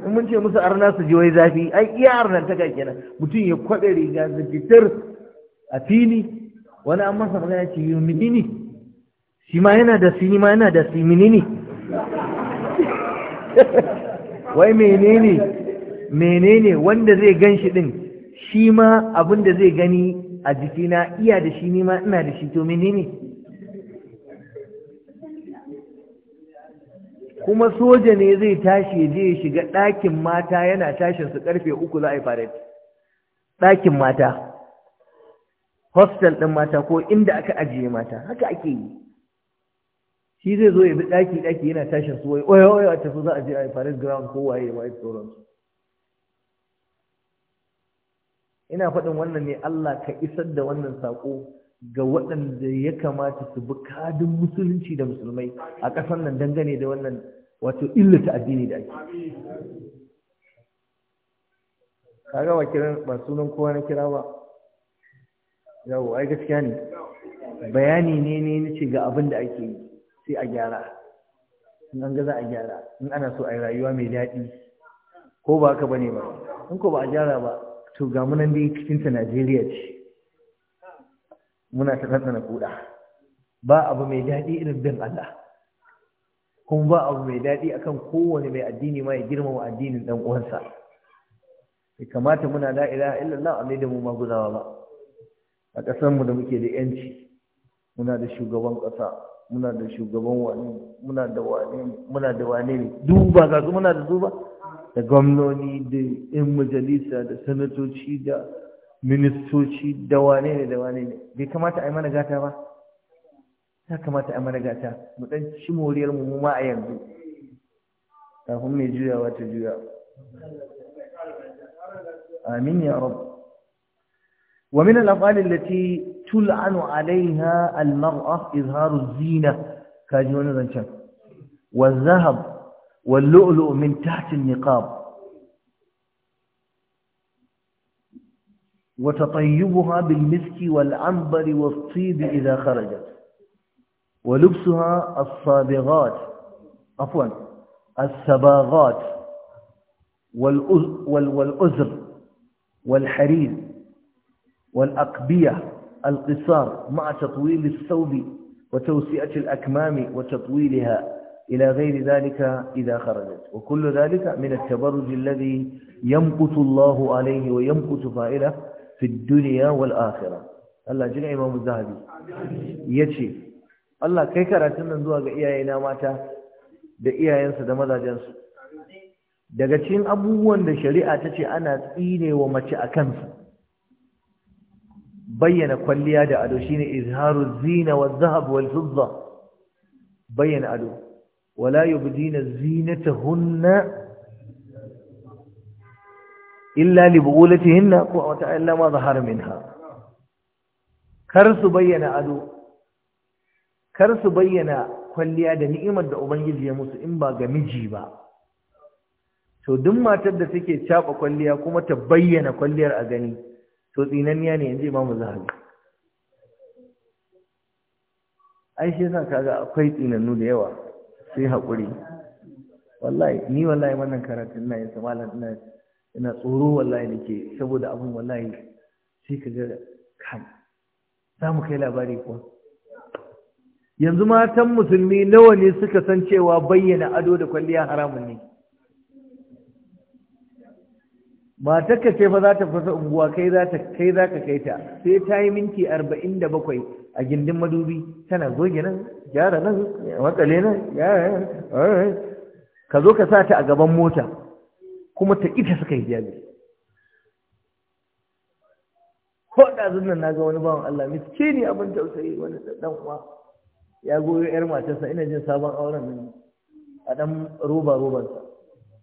in mun ce musu arna su ji wai zafi ai iya arnantaka kenan mutum ya kwaɗe riga da fitar a fili wani an masa magana ce yi minini shi ma yana da sini ma yana da siminini wai menene menene wanda zai gan shi din shi ma abin da zai gani a jikina iya da shi nima ina da shi to menene kuma soja ne zai tashi ya je ya shiga ɗakin mata yana tashin su karfe uku za a yi faret ɗakin mata hostel ɗin mata ko inda aka ajiye mata haka ake yi shi zai zo ya bi ɗaki ɗaki yana tashin su wai oya oya ta so za a je a faris ground ko waye da waye tsoron ina faɗin wannan ne Allah ka isar da wannan saƙo ga waɗanda ya kamata su bi kadin musulunci da musulmai a ƙasar nan dangane da wannan wato illata addini da ake kaga ba kiran ba sunan kowa na kira ba yawo ai gaskiya ne bayani ne ne nace ga abin da ake yi sai a gyara in an ga za a gyara in ana so a yi rayuwa mai daɗi ko ba ba bane ba in ko ba a gyara ba to ga mu nan dai cikin ta Najeriya ce muna ta tsantsana kuɗa ba abu mai daɗi irin bin Allah kuma ba abu mai daɗi akan kowane mai addini ma ya girmama addinin ɗan uwansa Ya kamata muna la ilaha illallah a da mu ma gudawa ba a mu da muke da yanci muna da shugaban ƙasa muna da shugaban wani muna da wani muna da wani ne duba ga su muna da duba da gwamnoni da yan majalisa da sanatoci da ministoci da wane ne da wane ne bai kamata a yi mana gata ba ya kamata a mana gata mu dan ci moriyar mu ma a yanzu kafin mai juyawa ta juya amin ya rabu ومن الأفعال التي تلعن عليها المرأة إظهار الزينة كاجون الرنشان والذهب واللؤلؤ من تحت النقاب وتطيبها بالمسك والعنبر والطيب إذا خرجت ولبسها الصابغات عفوا الصباغات والأزر والحرير والأقبية القصار مع تطويل الثوب وتوسئة الأكمام وتطويلها إلى غير ذلك إذا خرجت وكل ذلك من التبرج الذي يمقت الله عليه ويمقت فائله في الدنيا والآخرة الله جل إمام الذهبي يتشي الله كي كراتن nan zuwa ga ماتا mata da جنس da mazajensu daga cikin تشي أنا تقيني tace كنسا bayyana kwalliya da ado shine izharu zina wa zahab wal fidda bayyana ado wala yubdina zinatahunna illa li bu'ulatihinna ko wata illa ma zahara minha kar su bayyana ado kar su bayyana kwalliya da ni'imar da ubangiji ya musu in ba ga miji ba to duk matar da take caba kwalliya kuma ta bayyana kwalliyar a gani to tsinaniya ne yanzu imamu zahabi ai shi yasa kaga akwai tsinannu da yawa sai haƙuri wallahi ni wallahi wannan karatun na yin malam ina ina tsoro wallahi nake saboda abin wallahi sai ka ga kai za mu kai labari kuwa yanzu matan musulmi nawa ne suka san cewa bayyana ado da kwalliya haramun ne ta ce fa za ta fasa unguwa kai za ta kai za ka kai ta sai ta yi minti arba'in da bakwai a gindin madubi tana goge nan gyara nan matsale nan ka zo ka sa ta a gaban mota kuma ta ita suka yi hijabi ko da zunnan na ga wani bawan Allah ne abin tausayi wani dan uwa ya goyo yar matarsa ina jin sabon auren nan, a dan roba sa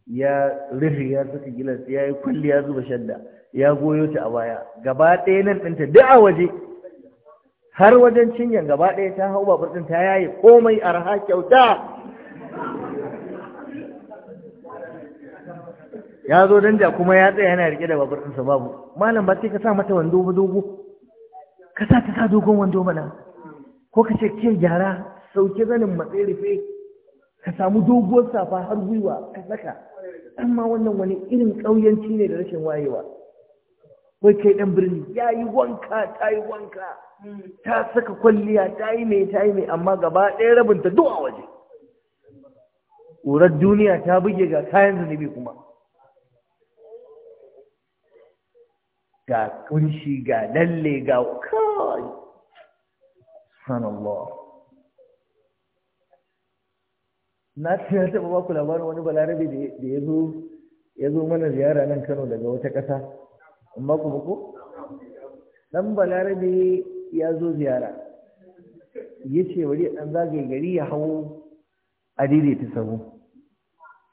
ya rufe ya saka gilas ya yi kulli ya zuba shadda ya goyo ta a baya gaba ɗaya nan ɗinta duk a waje har wajen cinyan gaba ɗaya ta hau babur ɗin ta yayi komai arha kyauta ya zo da kuma ya tsaya yana rike da babur ɗinsa babu malam ba sai ka sa mata wando ba dogo ka sa ta sa dogon wando mana ko ka ce ke gyara sauke zanin matsayi rufe ka samu doguwar safa har gwiwa ka saka amma wannan wani irin ƙauyanci ne da rashin wayewa wai kai ɗan birni ya yi wanka ta yi wanka ta saka kwalliya ta yi mai ta yi mai amma gaba ɗaya rabinta duk a waje ƙurar duniya ta buge ga kayan zunubi kuma ga kunshi ga lalle ga kawai sanallah na taɓa ku labarin wani balarabe da ya zo ya zo mana ziyara nan kano daga wata ƙasa in ba ku bako dan balarabe ya zo ziyara ya ce bari ɗan zagaye gari ya hau a ta sabo.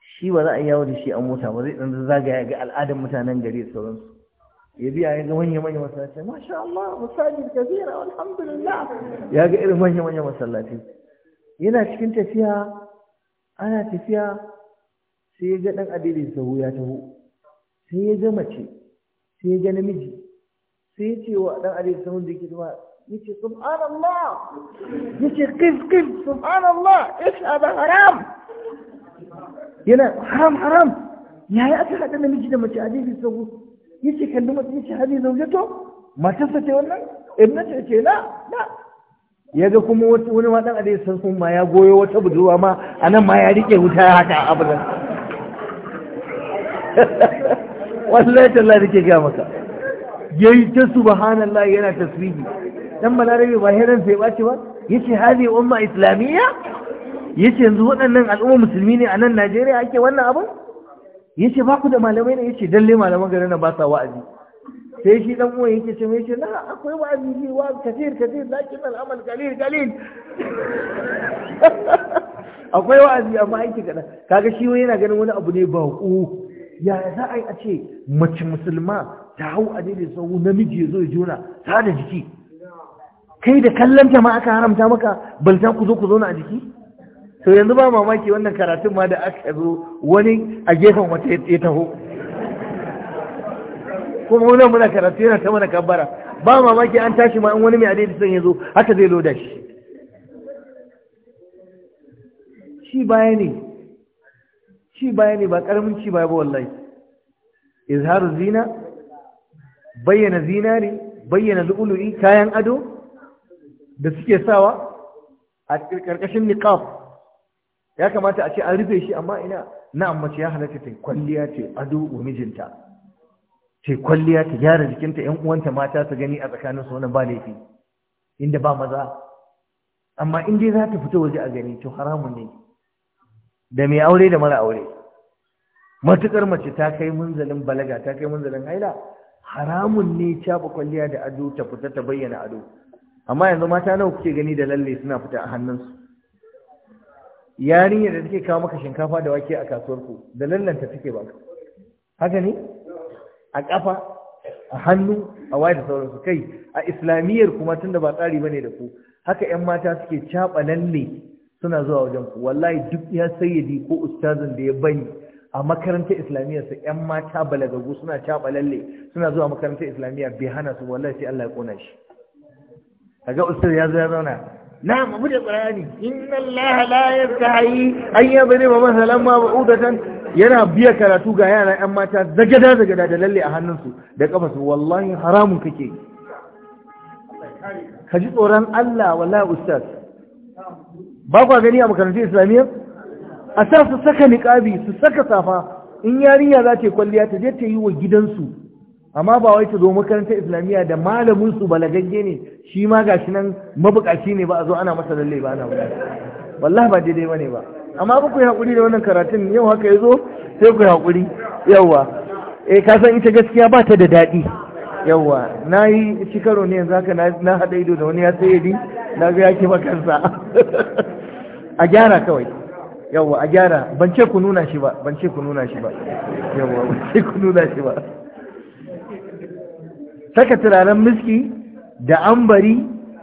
shi ba za a yawo da shi an mota ba zai ɗan zagaya ga al'adar mutanen gari da sauransu ya biya ya ga manya-manya masallaci masha Allah masajid kabira alhamdulillah ya ga irin manya-manya masallaci yana cikin tafiya ana tafiya sai ya ga ɗan adidin sahu ya taho sai ya ga mace sai ya ga namiji sai ya ce wa ɗan adidin sahu da ke zuwa ya ce subhanallah ya ce kif kif subhanallah isha da haram yana haram haram Ya yi aka haɗa namiji da mace adidin sahu ya ce kalli mace ya ce hadi zaujato matarsa ce wannan ibnata ce na na ya ga kuma wani ma dan san sun ma ya goyo wata budurwa ma a nan ma ya riƙe wuta haka abudan wallahi da ke ga maka yi ta subhanallah yana tasbihi dan balarabe ba heran sai ba ce ba Ya ce hadi umma islamiyya Ya ce yanzu waɗannan al'umma musulmi ne a nan Najeriya ake wannan abin ce ba ku da malamai ne ya ce? dalle malaman garin na ba sa wa'azi sai shi dan uwan yake ce mai ce na akwai wa'azi ne wa kafir kafir lakin al'amal qalil qalil akwai wa'azi amma aiki kada kaga shi wani yana ganin wani abu ne ku ya za a yi a ce mace musulma ta hau a daidai tsawo namiji ya zo ya jona ta da jiki kai da kallon ta ma aka haramta maka balta ku zo ku zauna a jiki to yanzu ba mamaki wannan karatun ma da aka zo wani a gefen wata ya taho kuma wani muna karatu yana ta mana kabbara ba mamaki an tashi ma in wani mai adadi son ya zo haka zai loda shi shi baya ne shi baya ne ba karamin ci baya ba wallahi izharu zina bayyana zinari bayyana lu'ulu'i kayan ado da suke sawa a karkashin niqab ya kamata a ce an rufe shi amma ina na mace ya halatta ta kwalliya ce ado wa mijinta ta kwalliya ta gyara jikinta ‘yan uwanta mata su gani a tsakanin su wani ba laifi inda ba maza amma inda za ta fita waje a gani to haramun ne da mai aure da mara aure matukar mace ta kai munzalin balaga ta kai munzalin haila haramun ne caba kwalliya da ado ta fita ta bayyana ado amma yanzu mata nawa kuke gani da lalle suna fita a hannunsu yarinyar da take kawo maka shinkafa da wake a kasuwar ku da lallanta take ba haka ne a ƙafa a hannu a waye da sauransu kai a islamiyyar kuma tun da ba tsari bane da ku haka yan mata suke caɓa lalle suna zuwa wajen ku wallahi duk ya sayyadi ko ustazin da ya bani a makarantar islamiyya su yan mata balagagu suna caɓa lalle suna zuwa makarantar islamiyya bai hana su wallahi sai Allah ya kona shi kaga ustaz ya zo ya zauna na mu da qur'ani inna allaha la yastahi an ma masalan ma ba'udatan yana biya karatu ga yara yan mata zagada zagada da lalle a hannunsu da kafasu wallahi haramun kake ka ji tsoron Allah wallahi ustaz ba kwa gani a makarantar islamiyya a sa su saka niƙabi su saka safa in yarinya za ta yi kwalliya ta je ta yi wa gidansu amma ba wai ta zo makarantar islamiyya da malamin su balagagge ne shi ma gashi nan mabukaci ne ba a zo ana masa lalle ba ana wallahi ba daidai bane ba amma ba ku yi haƙuri da wannan karatun yau haka ya zo sai ku yi haƙuri yawwa eh ka san ita gaskiya ba ta da daɗi yawwa na yi shi karo ne yanzu haka na haɗa ido da wani ya sai yadi na ga ya kifa a gyara kawai yawwa a gyara ban ce ku nuna shi ba ban ce ku nuna shi ba yawwa ban ce ku nuna shi ba saka turaren miski da ambari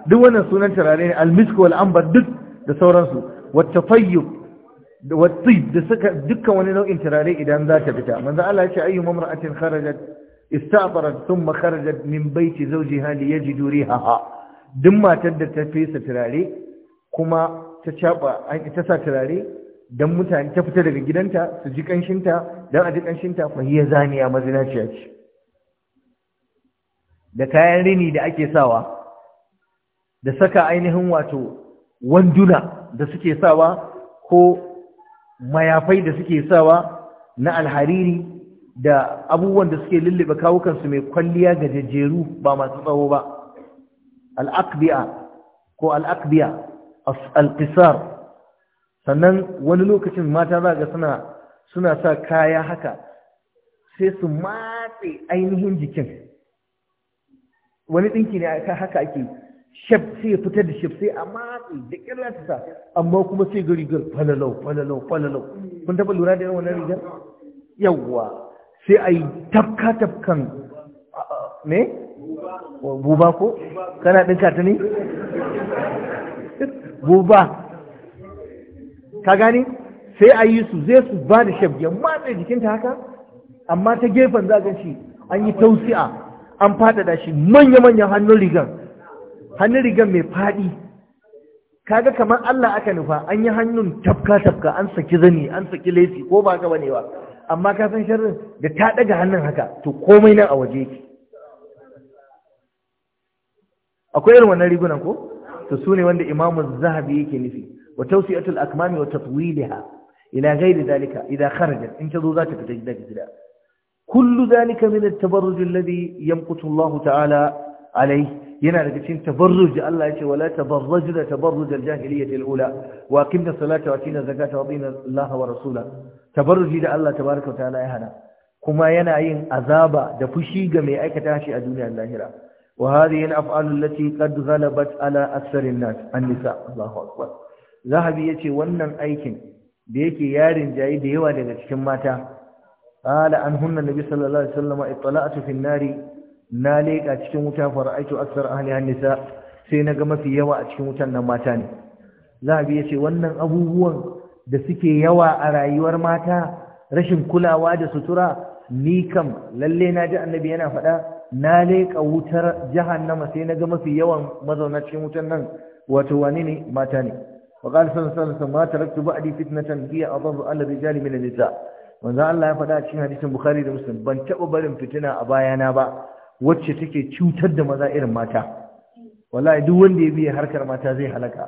duk wannan sunan turare ne almiski wal ambar duk da sauransu wata fayyuk da watsi da suka dukkan wani nau'in turare idan za ta fita manzo Allah ya ce ayyu mamra'atin kharajat istabarat thumma kharajat min hali zawjiha li yajidu rihaha duk matar da ta fesa turare kuma ta caba ta sa turare dan mutane ta fita daga gidanta su ji kanshinta dan a ji kanshinta fa hiya zaniya mazinaciya ce da kayan rini da ake sawa da saka ainihin wato wanduna da suke sawa ko mayafai da suke sawa na alhariri da abubuwan da suke lulluɓe kawukansu mai kwalliya ga jajjeru ba masu tsawo ba al'akbiya ko al'akbiya alfisar sannan wani lokacin mata za ga suna suna sa kaya haka sai su matse ainihin jikin wani ɗinki ne haka ake shaf sai ya fitar da shaf sai a matsi da kirla ta sa amma kuma sai gari rigar falalau falalau falalau kun taɓa lura da yawan rigar yawwa sai a yi tafka tafkan ne buba ko kana ɗinka ta ne buba ka gani sai a yi su zai su ba da ya matsa jikinta haka amma ta gefen zagan shi an yi tausi'a an faɗaɗa shi manya-manyan hannun rigar. hannun rigar mai faɗi kaga kamar Allah aka nufa an yi hannun tafka-tafka an saki zane, an saki lesi ko ba ka ne ba amma ka san sharrin da ta daga hannun haka to komai nan a waje yake akwai irin wannan rigunan ko to su ne wanda imamar zahabi yake nufi wa tawsi'atul akmami wa tatwiliha ila ghairi dalika idza kharajat in zo za ta fita daga gida kullu zalika min at-tabarruj alladhi yamqutu Allah ta'ala alai yana daga cikin tabarruj Allah ya ce wala da tabarruj al-jahiliyyah al-ula wa aqimna salata wa atina zakata wa atina Allah wa rasula tabarruji da Allah tabaaraka wa ta'ala ya hana kuma yana yin azaba da fushi ga mai aikata shi a duniyar lahira wa hadhihi al-af'al allati qad ghalabat ala akthar an-nas an-nisa Allahu akbar zahabi yace wannan aikin da yake yarin jayi da yawa daga cikin mata qala anhunna nabi sallallahu alaihi wasallam ittala'tu fi an-nari na leƙa cikin wuta fara'aitu aksar ahli hannisa sai na ga mafi yawa a cikin wutan nan mata ne a biya ce wannan abubuwan da suke yawa a rayuwar mata rashin kulawa da sutura ni kam lalle na ji annabi yana faɗa na leƙa wutar jahannama sai na ga mafi yawan mazauna cikin wutan nan wato wane ne mata ne wa qala sallallahu alaihi wasallam ma taraktu ba'di fitnatan hiya adharu ala rijali min an-nisa manzo Allah ya faɗa cikin hadisin Bukhari da Muslim ban taɓa barin fitina a bayana ba wacce take cutar da maza irin mata wallahi duk wanda ya biya harkar mata zai halaka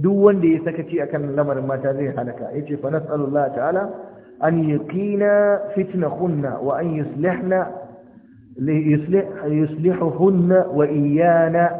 duk wanda ya sakaci akan lamarin mata zai halaka yace fa nas'alullah ta'ala an yaqina fitnahunna wa an yuslihna li wa iyana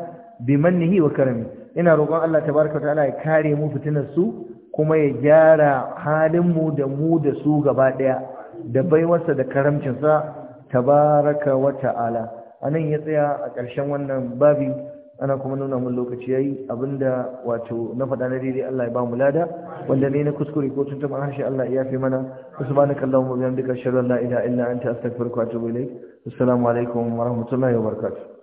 bimannihi wa karami ina roƙon Allah tabaaraka ta'ala ya kare mu fitinar su kuma ya gyara halin mu da mu da su gaba daya da baiwarsa da karamcinsa tabaraka wa ta'ala anan ya tsaya a ƙarshen wannan babi ana kuma nuna mun lokaci yayi abinda wato na faɗa na daidai Allah ya ba mu lada wanda ne na kuskure ko tun taɓa harshe Allah ya fi mana subhanaka allahumma wa bihamdika ashhadu an la ilaha illa anta astaghfiruka wa atubu ilaik assalamu alaikum wa rahmatullahi wa barakatuh